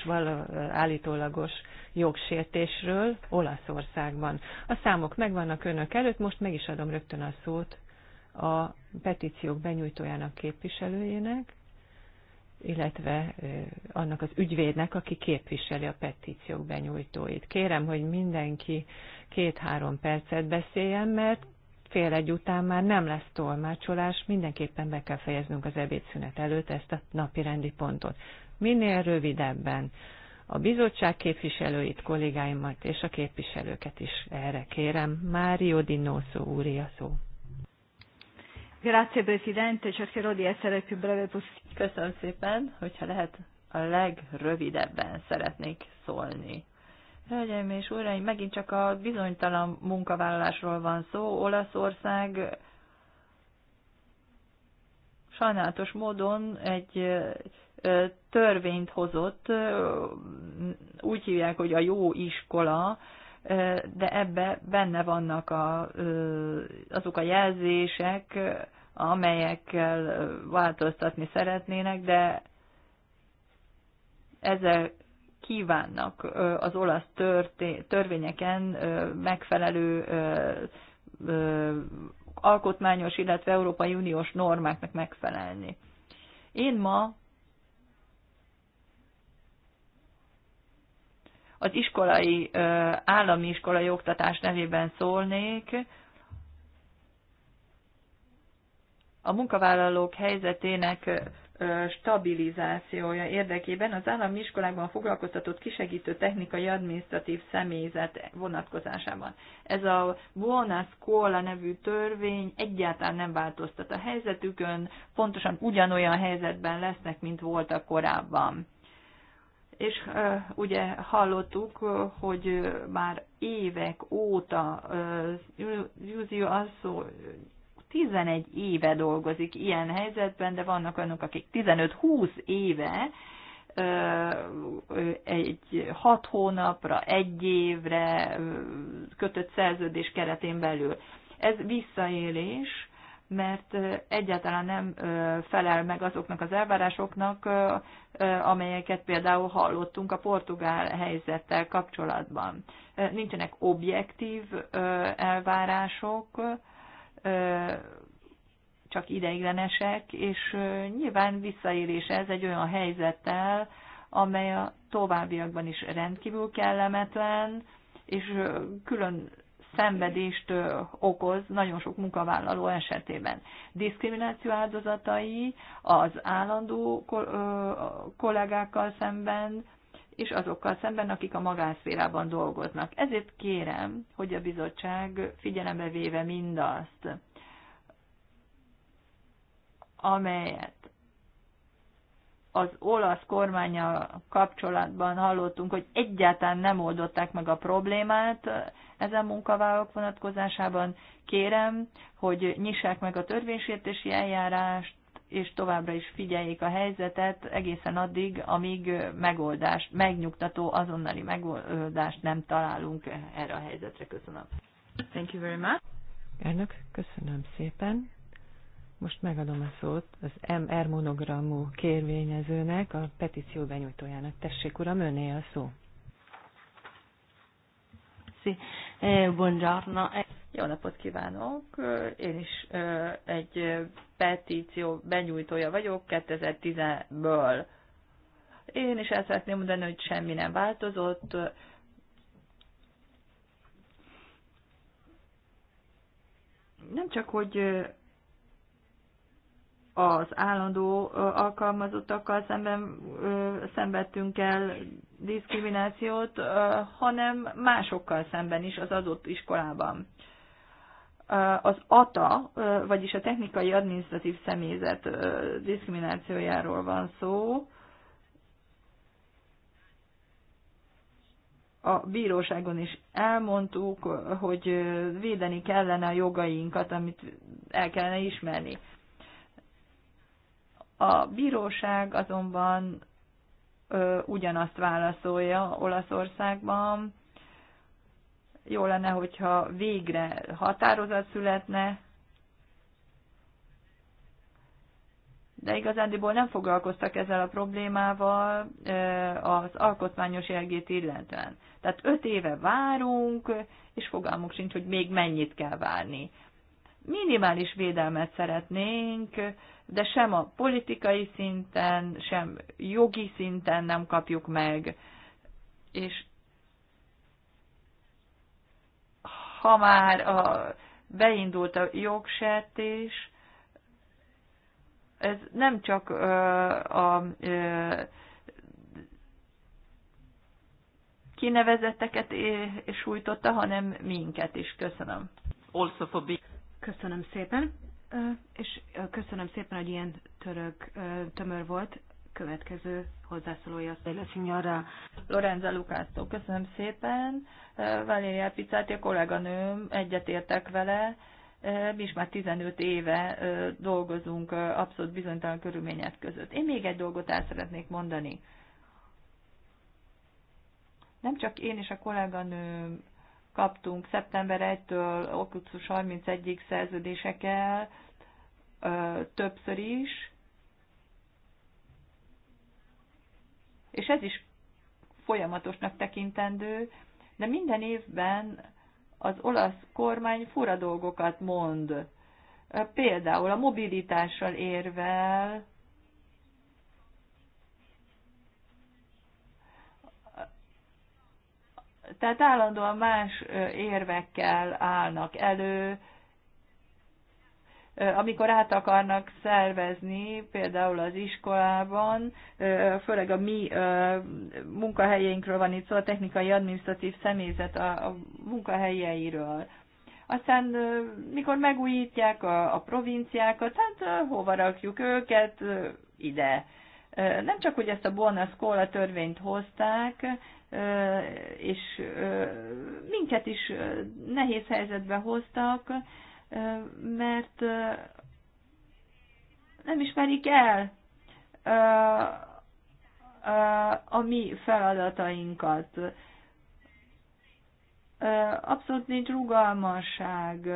állítólagos jogsértésről Olaszországban. A számok megvannak önök előtt, most meg is adom rögtön a szót a petíciók benyújtójának képviselőjének, illetve annak az ügyvédnek, aki képviseli a petíciók benyújtóit. Kérem, hogy mindenki két-három percet beszéljen, mert fél egy után már nem lesz tolmácsolás, mindenképpen be kell fejeznünk az ebédszünet előtt ezt a napi rendi pontot. Minél rövidebben a bizottság képviselőit, kollégáimat és a képviselőket is erre kérem. Mário Dinoso úri a szó. Grazie Presidente, cercherò di essere più breve possibile. Köszönöm szépen, hogyha lehet a legrövidebben szeretnék szólni. Hölgyeim és uraim, megint csak a bizonytalan munkavállalásról van szó. Olaszország sajnálatos módon egy törvényt hozott, úgy hívják, hogy a jó iskola, de ebbe benne vannak a, azok a jelzések, amelyekkel változtatni szeretnének, de ezzel kívánnak az olasz törvényeken megfelelő alkotmányos, illetve Európai Uniós normáknak megfelelni. Én ma az iskolai, állami iskolai oktatás nevében szólnék. A munkavállalók helyzetének stabilizációja érdekében az állami iskolákban foglalkoztatott kisegítő technikai adminisztratív személyzet vonatkozásában. Ez a Buona Scuola nevű törvény egyáltalán nem változtat a helyzetükön, pontosan ugyanolyan helyzetben lesznek, mint voltak korábban és ugye hallottuk, hogy már évek óta Júzió asszó 11 éve dolgozik ilyen helyzetben, de vannak olyanok, akik 15-20 éve egy hat hónapra, egy évre kötött szerződés keretén belül. Ez visszaélés, mert egyáltalán nem felel meg azoknak az elvárásoknak, amelyeket például hallottunk a portugál helyzettel kapcsolatban. Nincsenek objektív elvárások, csak ideiglenesek, és nyilván visszaélés ez egy olyan helyzettel, amely a továbbiakban is rendkívül kellemetlen, és külön szenvedést okoz nagyon sok munkavállaló esetében. Diszkrimináció áldozatai az állandó kollégákkal szemben, és azokkal szemben, akik a magánszférában dolgoznak. Ezért kérem, hogy a bizottság figyelembe véve mindazt, amelyet az olasz kormánya kapcsolatban hallottunk, hogy egyáltalán nem oldották meg a problémát ezen munkavállalók vonatkozásában. Kérem, hogy nyissák meg a törvénysértési eljárást, és továbbra is figyeljék a helyzetet egészen addig, amíg megoldást, megnyugtató azonnali megoldást nem találunk erre a helyzetre. Köszönöm. Thank you very much. Elnök, köszönöm szépen. Most megadom a szót az MR monogramú kérvényezőnek, a petíció benyújtójának. Tessék, uram, öné a szó. Sì, eh, buongiorno. Jó napot kívánok! Eh, én is eh, egy petíció benyújtója vagyok 2010-ből. Én is el szeretném mondani, hogy semmi nem változott. Nem csak, hogy az állandó alkalmazottakkal szemben szenvedtünk el diszkriminációt, hanem másokkal szemben is az adott iskolában. Az ATA, vagyis a technikai adminisztratív személyzet diszkriminációjáról van szó, a bíróságon is elmondtuk, hogy védeni kellene a jogainkat, amit el kellene ismerni. A bíróság azonban ö, ugyanazt válaszolja Olaszországban. Jó lenne, hogyha végre határozat születne, de igazándiból nem foglalkoztak ezzel a problémával az alkotmányos jelgét illetően. Tehát öt éve várunk, és fogalmuk sincs, hogy még mennyit kell várni minimális védelmet szeretnénk, de sem a politikai szinten, sem jogi szinten nem kapjuk meg. És ha már a, beindult a jogsértés, ez nem csak ö, a ö, kinevezetteket sújtotta, hanem minket is. Köszönöm. Also for Köszönöm szépen, és köszönöm szépen, hogy ilyen török tömör volt. Következő hozzászólója az a Signora Lorenza Lukásztó, köszönöm szépen. Valéria Picáti, a kolléganőm, egyetértek vele. Mi is már 15 éve dolgozunk abszolút bizonytalan körülmények között. Én még egy dolgot el szeretnék mondani. Nem csak én és a kolléganőm kaptunk szeptember 1-től augusztus 31-ig szerződésekkel többször is, és ez is folyamatosnak tekintendő, de minden évben az olasz kormány fura dolgokat mond. Például a mobilitással érvel, Tehát állandóan más érvekkel állnak elő, amikor át akarnak szervezni, például az iskolában, főleg a mi munkahelyeinkről van itt szó, a technikai adminisztratív személyzet a, a munkahelyeiről. Aztán mikor megújítják a, a provinciákat, hát hova rakjuk őket? Ide. Nem csak, hogy ezt a Bona Scola törvényt hozták, és minket is nehéz helyzetbe hoztak, mert nem ismerik el a mi feladatainkat. Abszolút nincs rugalmasság,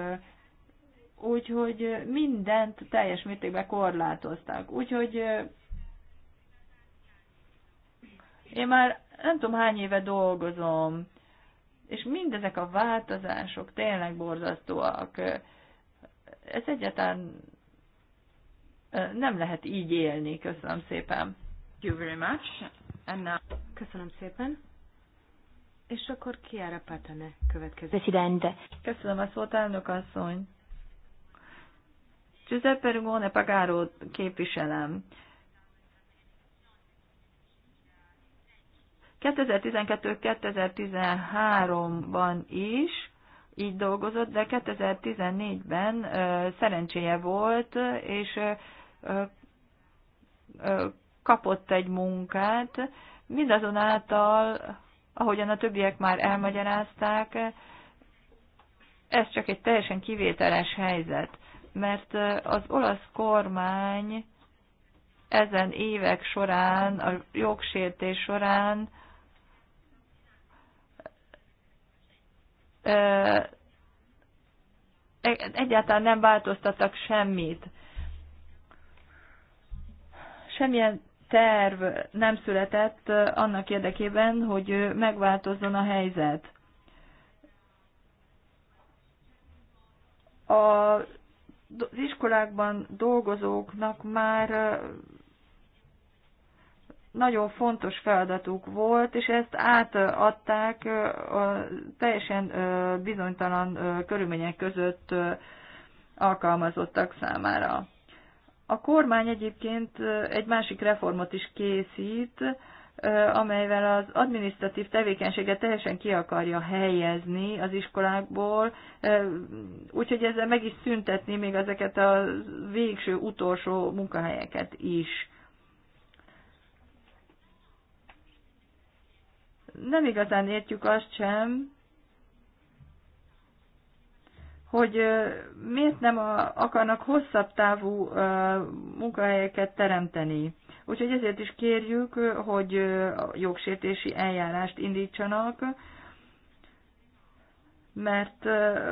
úgyhogy mindent teljes mértékben korlátoztak. Úgyhogy én már nem tudom hány éve dolgozom, és mindezek a változások tényleg borzasztóak. Ez egyáltalán nem lehet így élni. Köszönöm szépen. Thank you very much. And now... Köszönöm szépen. És akkor ki Kiára Patane következő. Presidente. Köszönöm a szót, elnök asszony. Giuseppe Rugone Pagáró képviselem. 2012-2013-ban is így dolgozott, de 2014-ben szerencséje volt, és kapott egy munkát, mindazonáltal, ahogyan a többiek már elmagyarázták, ez csak egy teljesen kivételes helyzet, mert az olasz kormány ezen évek során, a jogsértés során egyáltalán nem változtattak semmit. Semmilyen terv nem született annak érdekében, hogy megváltozzon a helyzet. A az iskolákban dolgozóknak már nagyon fontos feladatuk volt, és ezt átadták a teljesen bizonytalan körülmények között alkalmazottak számára. A kormány egyébként egy másik reformot is készít, amelyvel az adminisztratív tevékenységet teljesen ki akarja helyezni az iskolákból, úgyhogy ezzel meg is szüntetni még ezeket a végső, utolsó munkahelyeket is. nem igazán értjük azt sem, hogy miért nem akarnak hosszabb távú munkahelyeket teremteni. Úgyhogy ezért is kérjük, hogy a jogsértési eljárást indítsanak, mert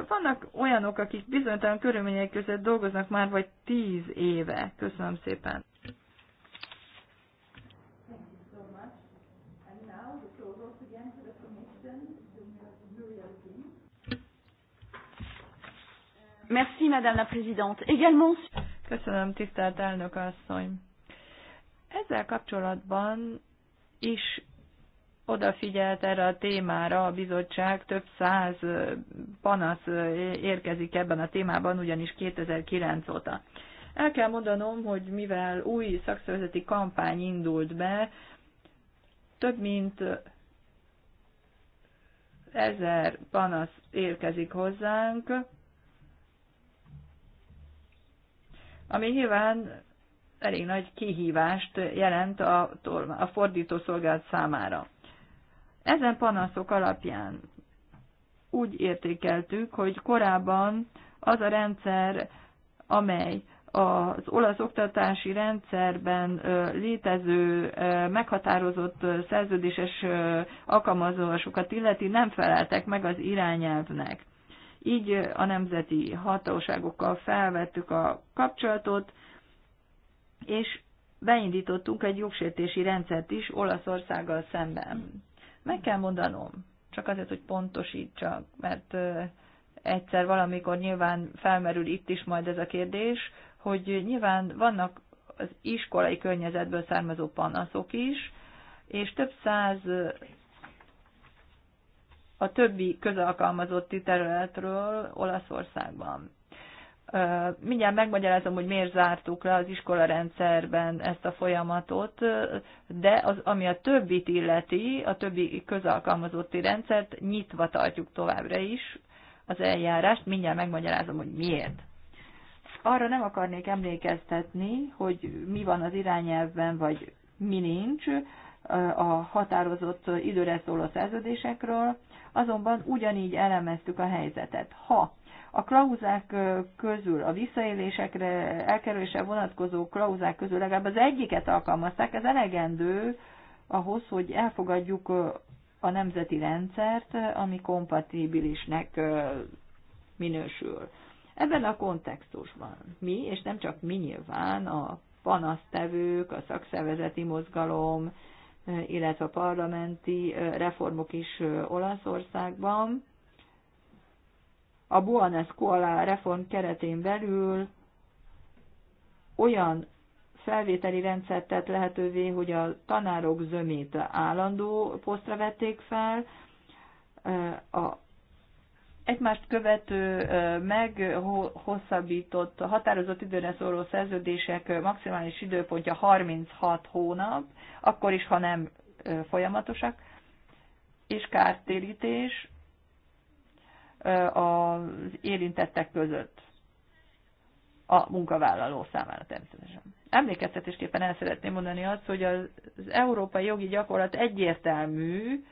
vannak olyanok, akik bizonytalan körülmények között dolgoznak már vagy tíz éve. Köszönöm szépen. Merci, Madame la Présidente. Également... Köszönöm, tisztelt elnök asszony. Ezzel kapcsolatban is odafigyelt erre a témára a bizottság, több száz panasz érkezik ebben a témában, ugyanis 2009 óta. El kell mondanom, hogy mivel új szakszervezeti kampány indult be, több mint ezer panasz érkezik hozzánk, ami nyilván elég nagy kihívást jelent a, a szolgált számára. Ezen panaszok alapján úgy értékeltük, hogy korábban az a rendszer, amely az olasz oktatási rendszerben létező meghatározott szerződéses alkalmazásokat illeti nem feleltek meg az irányelvnek. Így a nemzeti hatóságokkal felvettük a kapcsolatot, és beindítottunk egy jogsértési rendszert is Olaszországgal szemben. Meg kell mondanom, csak azért, hogy pontosítsak, mert egyszer valamikor nyilván felmerül itt is majd ez a kérdés, hogy nyilván vannak az iskolai környezetből származó panaszok is, és több száz a többi közalkalmazotti területről Olaszországban. Mindjárt megmagyarázom, hogy miért zártuk le az iskolarendszerben ezt a folyamatot, de az, ami a többit illeti, a többi közalkalmazotti rendszert nyitva tartjuk továbbra is az eljárást. Mindjárt megmagyarázom, hogy miért. Arra nem akarnék emlékeztetni, hogy mi van az irányelvben, vagy mi nincs a határozott időre szóló szerződésekről, azonban ugyanígy elemeztük a helyzetet. Ha a klauzák közül, a visszaélésekre, elkerülése vonatkozó klauzák közül legalább az egyiket alkalmazták, ez elegendő ahhoz, hogy elfogadjuk a nemzeti rendszert, ami kompatibilisnek minősül. Ebben a kontextusban mi, és nem csak mi nyilván, a panasztevők, a szakszervezeti mozgalom, illetve a parlamenti reformok is Olaszországban. A Buonesco reform keretén belül olyan felvételi rendszert tett lehetővé, hogy a tanárok zömét állandó posztra vették fel, a egymást követő, meghosszabbított, határozott időre szóló szerződések maximális időpontja 36 hónap, akkor is, ha nem folyamatosak, és kártérítés az érintettek között a munkavállaló számára természetesen. Emlékeztetésképpen el szeretném mondani azt, hogy az európai jogi gyakorlat egyértelmű,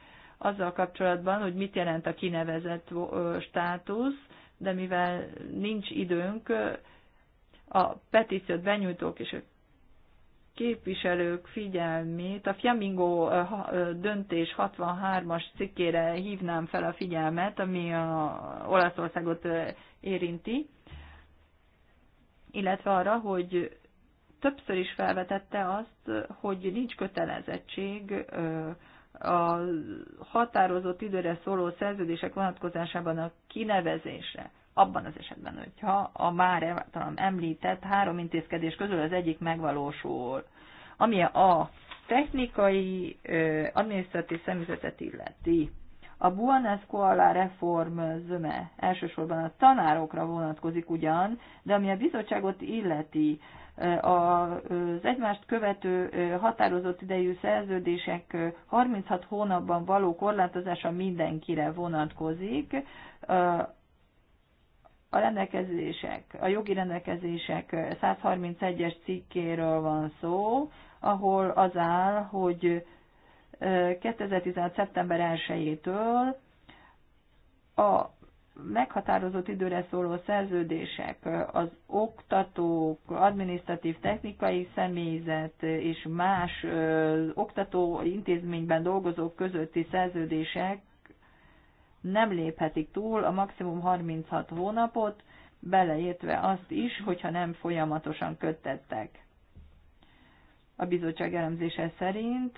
azzal kapcsolatban, hogy mit jelent a kinevezett státusz, de mivel nincs időnk, a petíciót benyújtók és a képviselők figyelmét, a Fiamingo döntés 63-as cikkére hívnám fel a figyelmet, ami a Olaszországot érinti, illetve arra, hogy többször is felvetette azt, hogy nincs kötelezettség a határozott időre szóló szerződések vonatkozásában a kinevezése, abban az esetben, hogyha a már e- talán említett három intézkedés közül az egyik megvalósul, ami a technikai, adminisztratív személyzetet illeti. A Buones Koala reform zöme elsősorban a tanárokra vonatkozik ugyan, de ami a bizottságot illeti, az egymást követő határozott idejű szerződések 36 hónapban való korlátozása mindenkire vonatkozik. A rendelkezések, a jogi rendelkezések 131-es cikkéről van szó, ahol az áll, hogy 2016. szeptember 1-től a meghatározott időre szóló szerződések az oktatók, adminisztratív technikai személyzet és más oktató intézményben dolgozók közötti szerződések nem léphetik túl a maximum 36 hónapot, beleértve azt is, hogyha nem folyamatosan köttettek. A bizottság elemzése szerint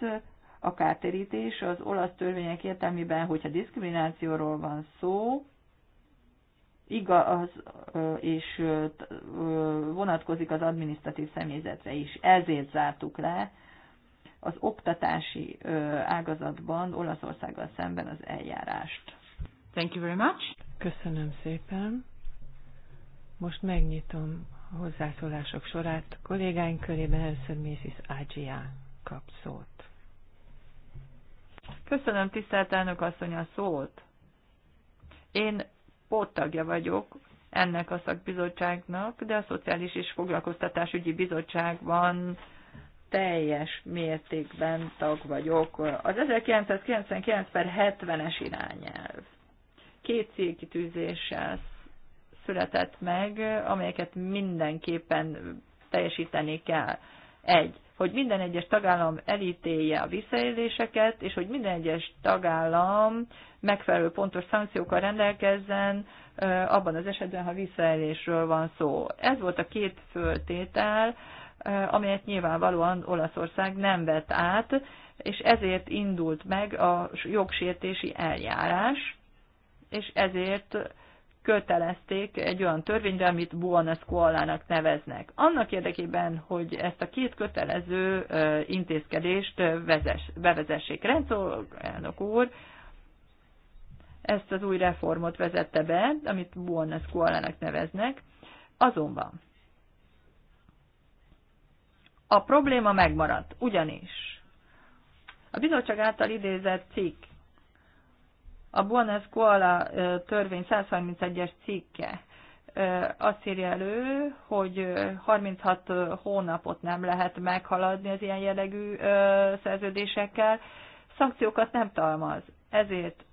a kártérítés az olasz törvények értelmében, hogyha diszkriminációról van szó, igaz és vonatkozik az adminisztratív személyzetre is. Ezért zártuk le az oktatási ágazatban Olaszországgal szemben az eljárást. Thank you very much. Köszönöm szépen. Most megnyitom a hozzászólások sorát. A kollégáink körében először Mrs. Ágyiá kap szót. Köszönöm, tisztelt elnök asszony, a szót. Én póttagja vagyok ennek a szakbizottságnak, de a Szociális és Foglalkoztatásügyi Bizottságban teljes mértékben tag vagyok. Az 1999 per 70-es irányelv két célkitűzéssel született meg, amelyeket mindenképpen teljesíteni kell. Egy, hogy minden egyes tagállam elítélje a visszaéléseket, és hogy minden egyes tagállam megfelelő pontos szankciókkal rendelkezzen, abban az esetben, ha visszaélésről van szó. Ez volt a két föltétel, amelyet nyilvánvalóan Olaszország nem vett át, és ezért indult meg a jogsértési eljárás, és ezért kötelezték egy olyan törvényre, amit Buona Scuolának neveznek. Annak érdekében, hogy ezt a két kötelező intézkedést vezes, bevezessék. Renzo elnök úr ezt az új reformot vezette be, amit Buona Scuolának neveznek. Azonban a probléma megmaradt, ugyanis a bizottság által idézett cikk a Buona Scuola törvény 131-es cikke azt írja elő, hogy 36 hónapot nem lehet meghaladni az ilyen jellegű szerződésekkel, szankciókat nem talmaz. Ezért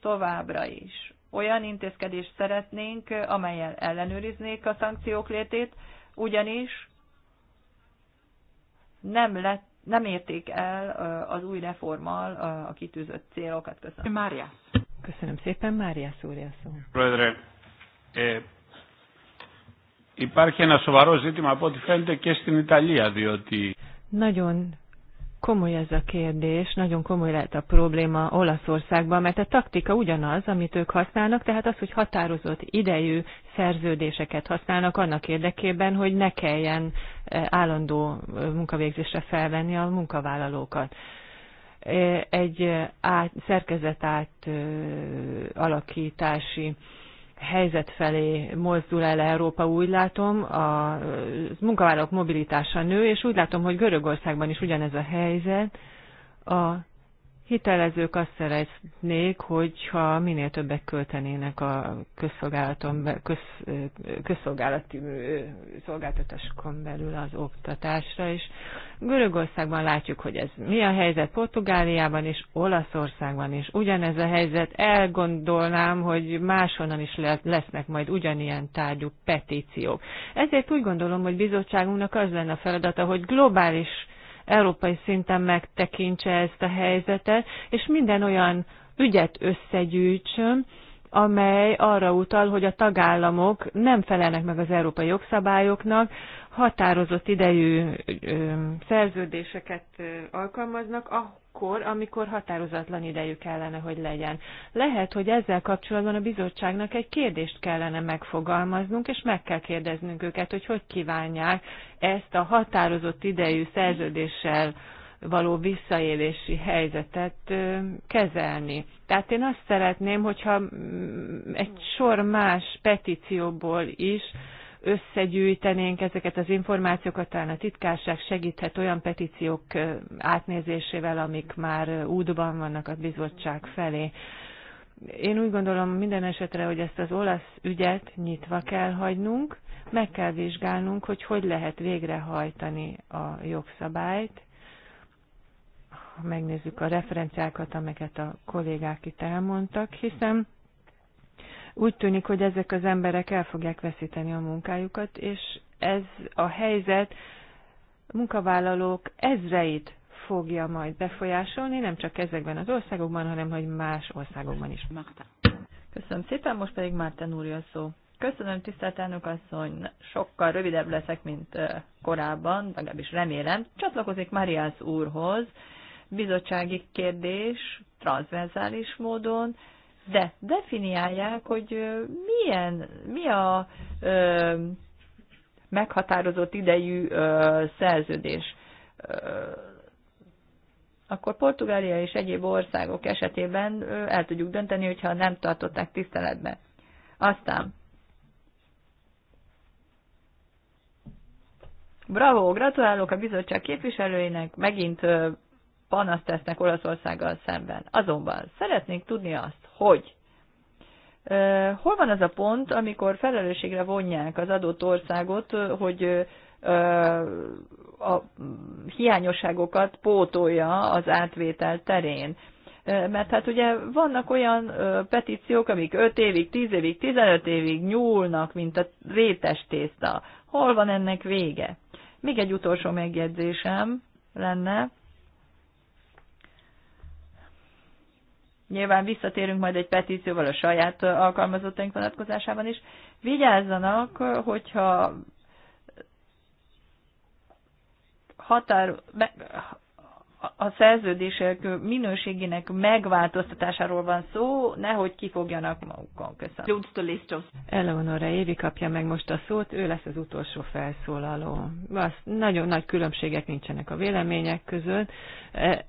továbbra is olyan intézkedést szeretnénk, amelyel ellenőriznék a szankciók létét, ugyanis nem, lett, nem érték el az új reformmal a kitűzött célokat. Köszönöm. Mária. Köszönöm szépen, Mária Szúria szó. υπάρχει ένα σοβαρό ζήτημα από ό,τι φαίνεται και στην Ιταλία, διότι... Nagyon komoly ez a kérdés, nagyon komoly lehet a probléma Olaszországban, mert a taktika ugyanaz, amit ők használnak, tehát az, hogy határozott idejű szerződéseket használnak annak érdekében, hogy ne kelljen eh, állandó eh, munkavégzésre felvenni a munkavállalókat egy át, át alakítási helyzet felé mozdul el Európa, úgy látom, a munkavállalók mobilitása nő, és úgy látom, hogy Görögországban is ugyanez a helyzet. A hitelezők azt szeretnék, hogyha minél többet költenének a közszolgálaton, köz, közszolgálati szolgáltatásokon belül az oktatásra, is. Görögországban látjuk, hogy ez mi a helyzet Portugáliában és Olaszországban is. Ugyanez a helyzet, elgondolnám, hogy máshonnan is lesznek majd ugyanilyen tárgyú petíciók. Ezért úgy gondolom, hogy bizottságunknak az lenne a feladata, hogy globális európai szinten megtekintse ezt a helyzetet, és minden olyan ügyet összegyűjtsön, amely arra utal, hogy a tagállamok nem felelnek meg az európai jogszabályoknak, határozott idejű szerződéseket alkalmaznak, akkor, amikor határozatlan idejű kellene, hogy legyen. Lehet, hogy ezzel kapcsolatban a bizottságnak egy kérdést kellene megfogalmaznunk, és meg kell kérdeznünk őket, hogy hogy kívánják ezt a határozott idejű szerződéssel való visszaélési helyzetet kezelni. Tehát én azt szeretném, hogyha egy sor más petícióból is, összegyűjtenénk ezeket az információkat, talán a titkárság segíthet olyan petíciók átnézésével, amik már útban vannak a bizottság felé. Én úgy gondolom minden esetre, hogy ezt az olasz ügyet nyitva kell hagynunk, meg kell vizsgálnunk, hogy hogy lehet végrehajtani a jogszabályt, megnézzük a referenciákat, amiket a kollégák itt elmondtak, hiszen úgy tűnik, hogy ezek az emberek el fogják veszíteni a munkájukat, és ez a helyzet munkavállalók ezreit fogja majd befolyásolni, nem csak ezekben az országokban, hanem hogy más országokban is. Köszönöm szépen, most pedig Márten úr a szó. Köszönöm, tisztelt elnök asszony, sokkal rövidebb leszek, mint korábban, legalábbis remélem. Csatlakozik Mariász úrhoz, bizottsági kérdés, transzverzális módon, de definiálják, hogy milyen, mi a ö, meghatározott idejű ö, szerződés. Ö, akkor Portugália és egyéb országok esetében ö, el tudjuk dönteni, hogyha nem tartották tiszteletbe. Aztán Bravo, gratulálok a bizottság képviselőinek, megint panaszt tesznek Olaszországgal szemben. Azonban szeretnék tudni azt, hogy hol van az a pont, amikor felelősségre vonják az adott országot, hogy a hiányosságokat pótolja az átvétel terén. Mert hát ugye vannak olyan petíciók, amik 5 évig, 10 évig, 15 évig nyúlnak, mint a rétes tészta. Hol van ennek vége? Még egy utolsó megjegyzésem lenne. Nyilván visszatérünk majd egy petícióval a saját alkalmazottaink vonatkozásában is. Vigyázzanak, hogyha határ, a szerződések minőségének megváltoztatásáról van szó, nehogy kifogjanak magukon. Köszönöm. Eleonora Évi kapja meg most a szót, ő lesz az utolsó felszólaló. Azt, nagyon nagy különbségek nincsenek a vélemények között. E,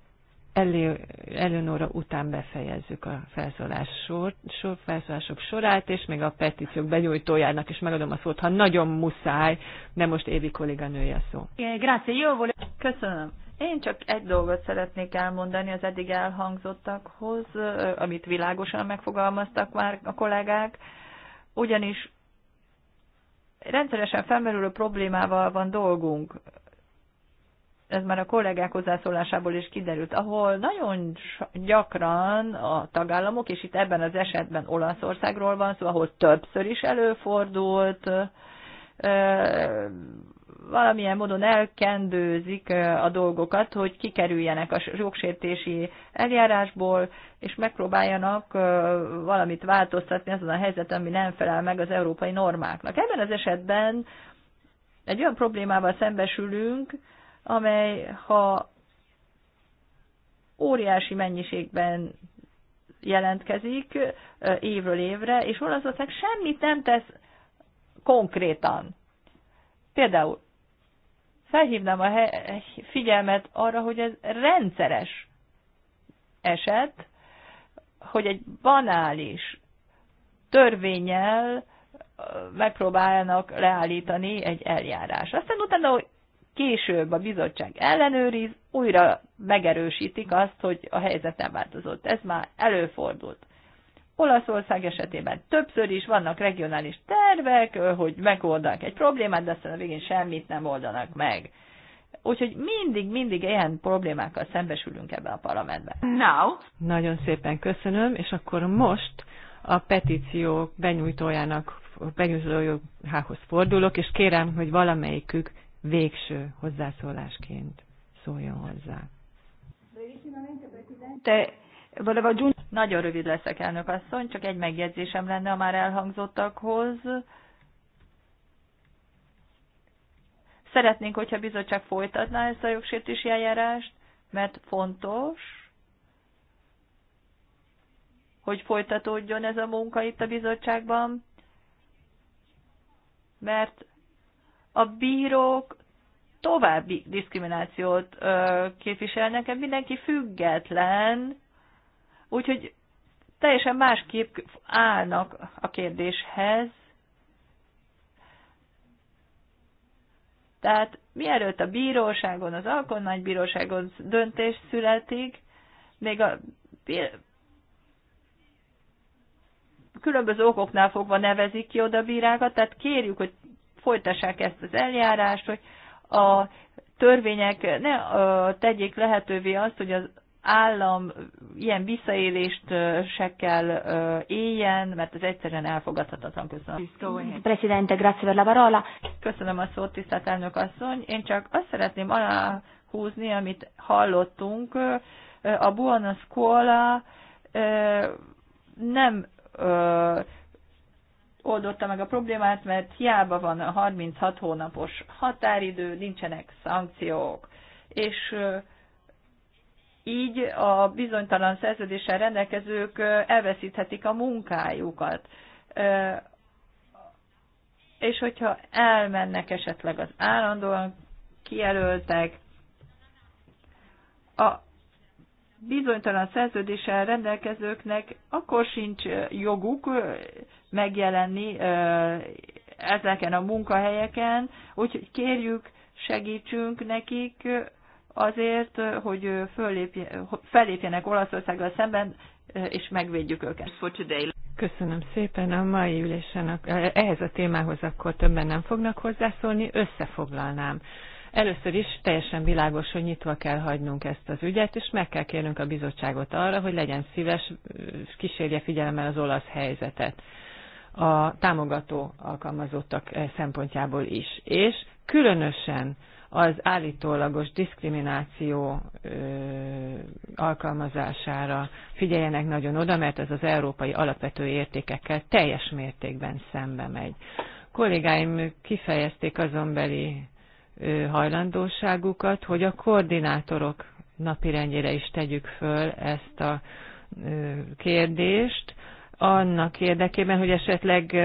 Elő, Eleonora után befejezzük a felszólás sor, sor, felszólások sorát, és még a petíciók benyújtójának is megadom a szót, ha nagyon muszáj, de most Évi kolléganője a szó. Grazie, jó volt. Köszönöm. Én csak egy dolgot szeretnék elmondani az eddig elhangzottakhoz, amit világosan megfogalmaztak már a kollégák, ugyanis rendszeresen felmerülő problémával van dolgunk ez már a kollégák hozzászólásából is kiderült, ahol nagyon gyakran a tagállamok, és itt ebben az esetben Olaszországról van szó, ahol többször is előfordult, valamilyen módon elkendőzik a dolgokat, hogy kikerüljenek a jogsértési eljárásból, és megpróbáljanak valamit változtatni azon a helyzet ami nem felel meg az európai normáknak. Ebben az esetben egy olyan problémával szembesülünk, amely ha óriási mennyiségben jelentkezik évről évre, és Olaszország semmit nem tesz konkrétan. Például felhívnám a figyelmet arra, hogy ez rendszeres eset, hogy egy banális törvényel megpróbálnak leállítani egy eljárás. Aztán utána később a bizottság ellenőriz, újra megerősítik azt, hogy a helyzet nem változott. Ez már előfordult. Olaszország esetében többször is vannak regionális tervek, hogy megoldanak egy problémát, de aztán a végén semmit nem oldanak meg. Úgyhogy mindig, mindig ilyen problémákkal szembesülünk ebben a parlamentben. Now. Nagyon szépen köszönöm, és akkor most a petíciók benyújtójának, benyújtójához fordulok, és kérem, hogy valamelyikük végső hozzászólásként szóljon hozzá. Te nagyon rövid leszek, elnök asszony, csak egy megjegyzésem lenne a már elhangzottakhoz. Szeretnénk, hogyha a bizottság folytatná ezt a jogsértési eljárást, mert fontos, hogy folytatódjon ez a munka itt a bizottságban, mert a bírók további diszkriminációt ö, képviselnek, -e? mindenki független, úgyhogy teljesen másképp állnak a kérdéshez. Tehát mielőtt a bíróságon, az alkotmánybíróságon döntés születik, még a különböző okoknál fogva nevezik ki oda bírákat, tehát kérjük, hogy folytassák ezt az eljárást, hogy a törvények ne tegyék lehetővé azt, hogy az állam ilyen visszaélést se kell éljen, mert ez egyszerűen elfogadhatatlan. Köszönöm. Presidente, grazie per la parola. Köszönöm a szót, tisztelt elnök asszony. Én csak azt szeretném aláhúzni, amit hallottunk. A Buona Scuola nem oldotta meg a problémát, mert hiába van a 36 hónapos határidő, nincsenek szankciók, és így a bizonytalan szerződéssel rendelkezők elveszíthetik a munkájukat. És hogyha elmennek esetleg az állandóan kijelöltek, a bizonytalan szerződéssel rendelkezőknek akkor sincs joguk megjelenni ezeken a munkahelyeken, úgyhogy kérjük, segítsünk nekik azért, hogy felépjenek fellépjenek Olaszországgal szemben, és megvédjük őket. Köszönöm szépen a mai ülésen. Ehhez a témához akkor többen nem fognak hozzászólni. Összefoglalnám Először is teljesen világos, hogy nyitva kell hagynunk ezt az ügyet, és meg kell kérnünk a bizottságot arra, hogy legyen szíves, kísérje figyelemmel az olasz helyzetet a támogató alkalmazottak szempontjából is. És különösen az állítólagos diszkrimináció ö, alkalmazására figyeljenek nagyon oda, mert ez az európai alapvető értékekkel teljes mértékben szembe megy. Kollégáim kifejezték azonbeli hajlandóságukat, hogy a koordinátorok napirendjére is tegyük föl ezt a kérdést, annak érdekében, hogy esetleg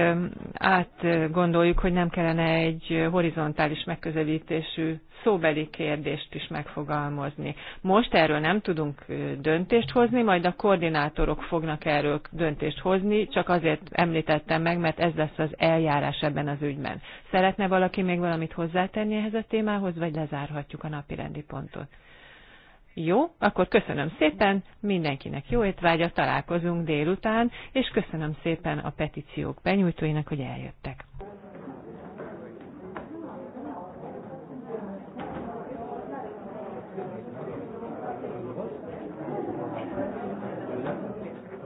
átgondoljuk, hogy nem kellene egy horizontális megközelítésű szóbeli kérdést is megfogalmazni. Most erről nem tudunk döntést hozni, majd a koordinátorok fognak erről döntést hozni, csak azért említettem meg, mert ez lesz az eljárás ebben az ügyben. Szeretne valaki még valamit hozzátenni ehhez a témához, vagy lezárhatjuk a napi rendi pontot? Jó, akkor köszönöm szépen, mindenkinek jó étvágyat, találkozunk délután, és köszönöm szépen a petíciók benyújtóinak, hogy eljöttek.